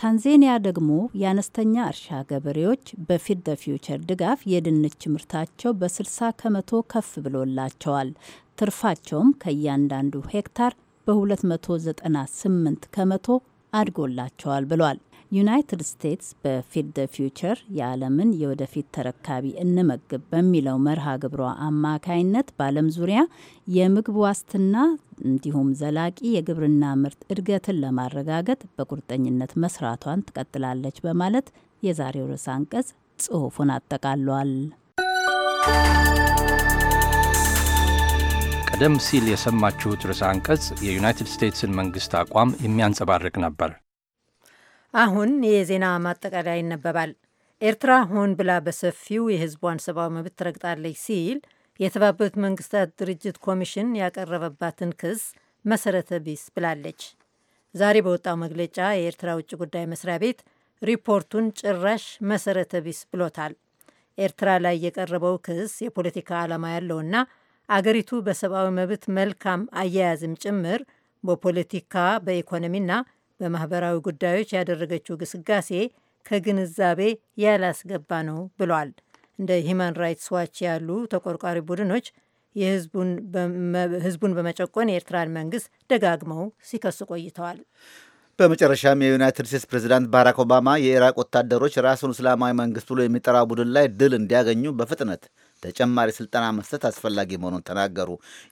ታንዜኒያ ደግሞ የአነስተኛ እርሻ ገበሬዎች በፊት ደ ፊውቸር ድጋፍ የድንች ምርታቸው በ60 ከመቶ ከፍ ብሎላቸዋል። ትርፋቸውም ከእያንዳንዱ ሄክታር በ298 ከመቶ አድጎላቸዋል ብሏል። ዩናይትድ ስቴትስ በፊድ ደ ፊውቸር የዓለምን የወደፊት ተረካቢ እንመግብ በሚለው መርሃ ግብሯ አማካይነት በዓለም ዙሪያ የምግብ ዋስትና እንዲሁም ዘላቂ የግብርና ምርት እድገትን ለማረጋገጥ በቁርጠኝነት መስራቷን ትቀጥላለች በማለት የዛሬው ርዕስ አንቀጽ ጽሑፉን አጠቃሏል። ቀደም ሲል የሰማችሁት ርዕስ አንቀጽ የዩናይትድ ስቴትስን መንግስት አቋም የሚያንጸባርቅ ነበር። አሁን የዜና ማጠቃለያ ይነበባል። ኤርትራ ሆን ብላ በሰፊው የህዝቧን ሰብአዊ መብት ትረግጣለች ሲል የተባበሩት መንግስታት ድርጅት ኮሚሽን ያቀረበባትን ክስ መሰረተ ቢስ ብላለች። ዛሬ በወጣው መግለጫ የኤርትራ ውጭ ጉዳይ መስሪያ ቤት ሪፖርቱን ጭራሽ መሰረተ ቢስ ብሎታል። ኤርትራ ላይ የቀረበው ክስ የፖለቲካ ዓላማ ያለውና አገሪቱ በሰብአዊ መብት መልካም አያያዝም ጭምር በፖለቲካ በኢኮኖሚና በማህበራዊ ጉዳዮች ያደረገችው ግስጋሴ ከግንዛቤ ያላስገባ ነው ብሏል። እንደ ሂማን ራይትስ ዋች ያሉ ተቆርቋሪ ቡድኖች ህዝቡን በመጨቆን የኤርትራን መንግስት ደጋግመው ሲከሱ ቆይተዋል። በመጨረሻም የዩናይትድ ስቴትስ ፕሬዚዳንት ባራክ ኦባማ የኢራቅ ወታደሮች ራሱን እስላማዊ መንግስት ብሎ የሚጠራው ቡድን ላይ ድል እንዲያገኙ በፍጥነት ተጨማሪ ስልጠና መስጠት አስፈላጊ መሆኑን ተናገሩ።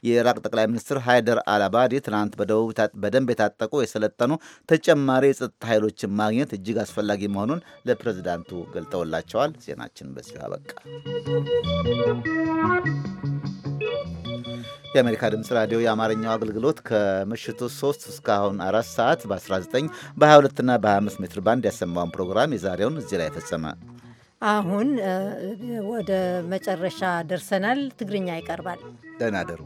የኢራቅ ጠቅላይ ሚኒስትር ሃይደር አልአባዲ ትናንት በደንብ የታጠቁ የሰለጠኑ ተጨማሪ የጸጥታ ኃይሎችን ማግኘት እጅግ አስፈላጊ መሆኑን ለፕሬዚዳንቱ ገልጠውላቸዋል። ዜናችን በዚሁ አበቃ። የአሜሪካ ድምፅ ራዲዮ የአማርኛው አገልግሎት ከምሽቱ 3 እስካሁን አራት ሰዓት በ19 በ22 እና በ25 ሜትር ባንድ ያሰማውን ፕሮግራም የዛሬውን እዚህ ላይ ፈጸመ። አሁን ወደ መጨረሻ ደርሰናል። ትግርኛ ይቀርባል። ደህና ደሩ።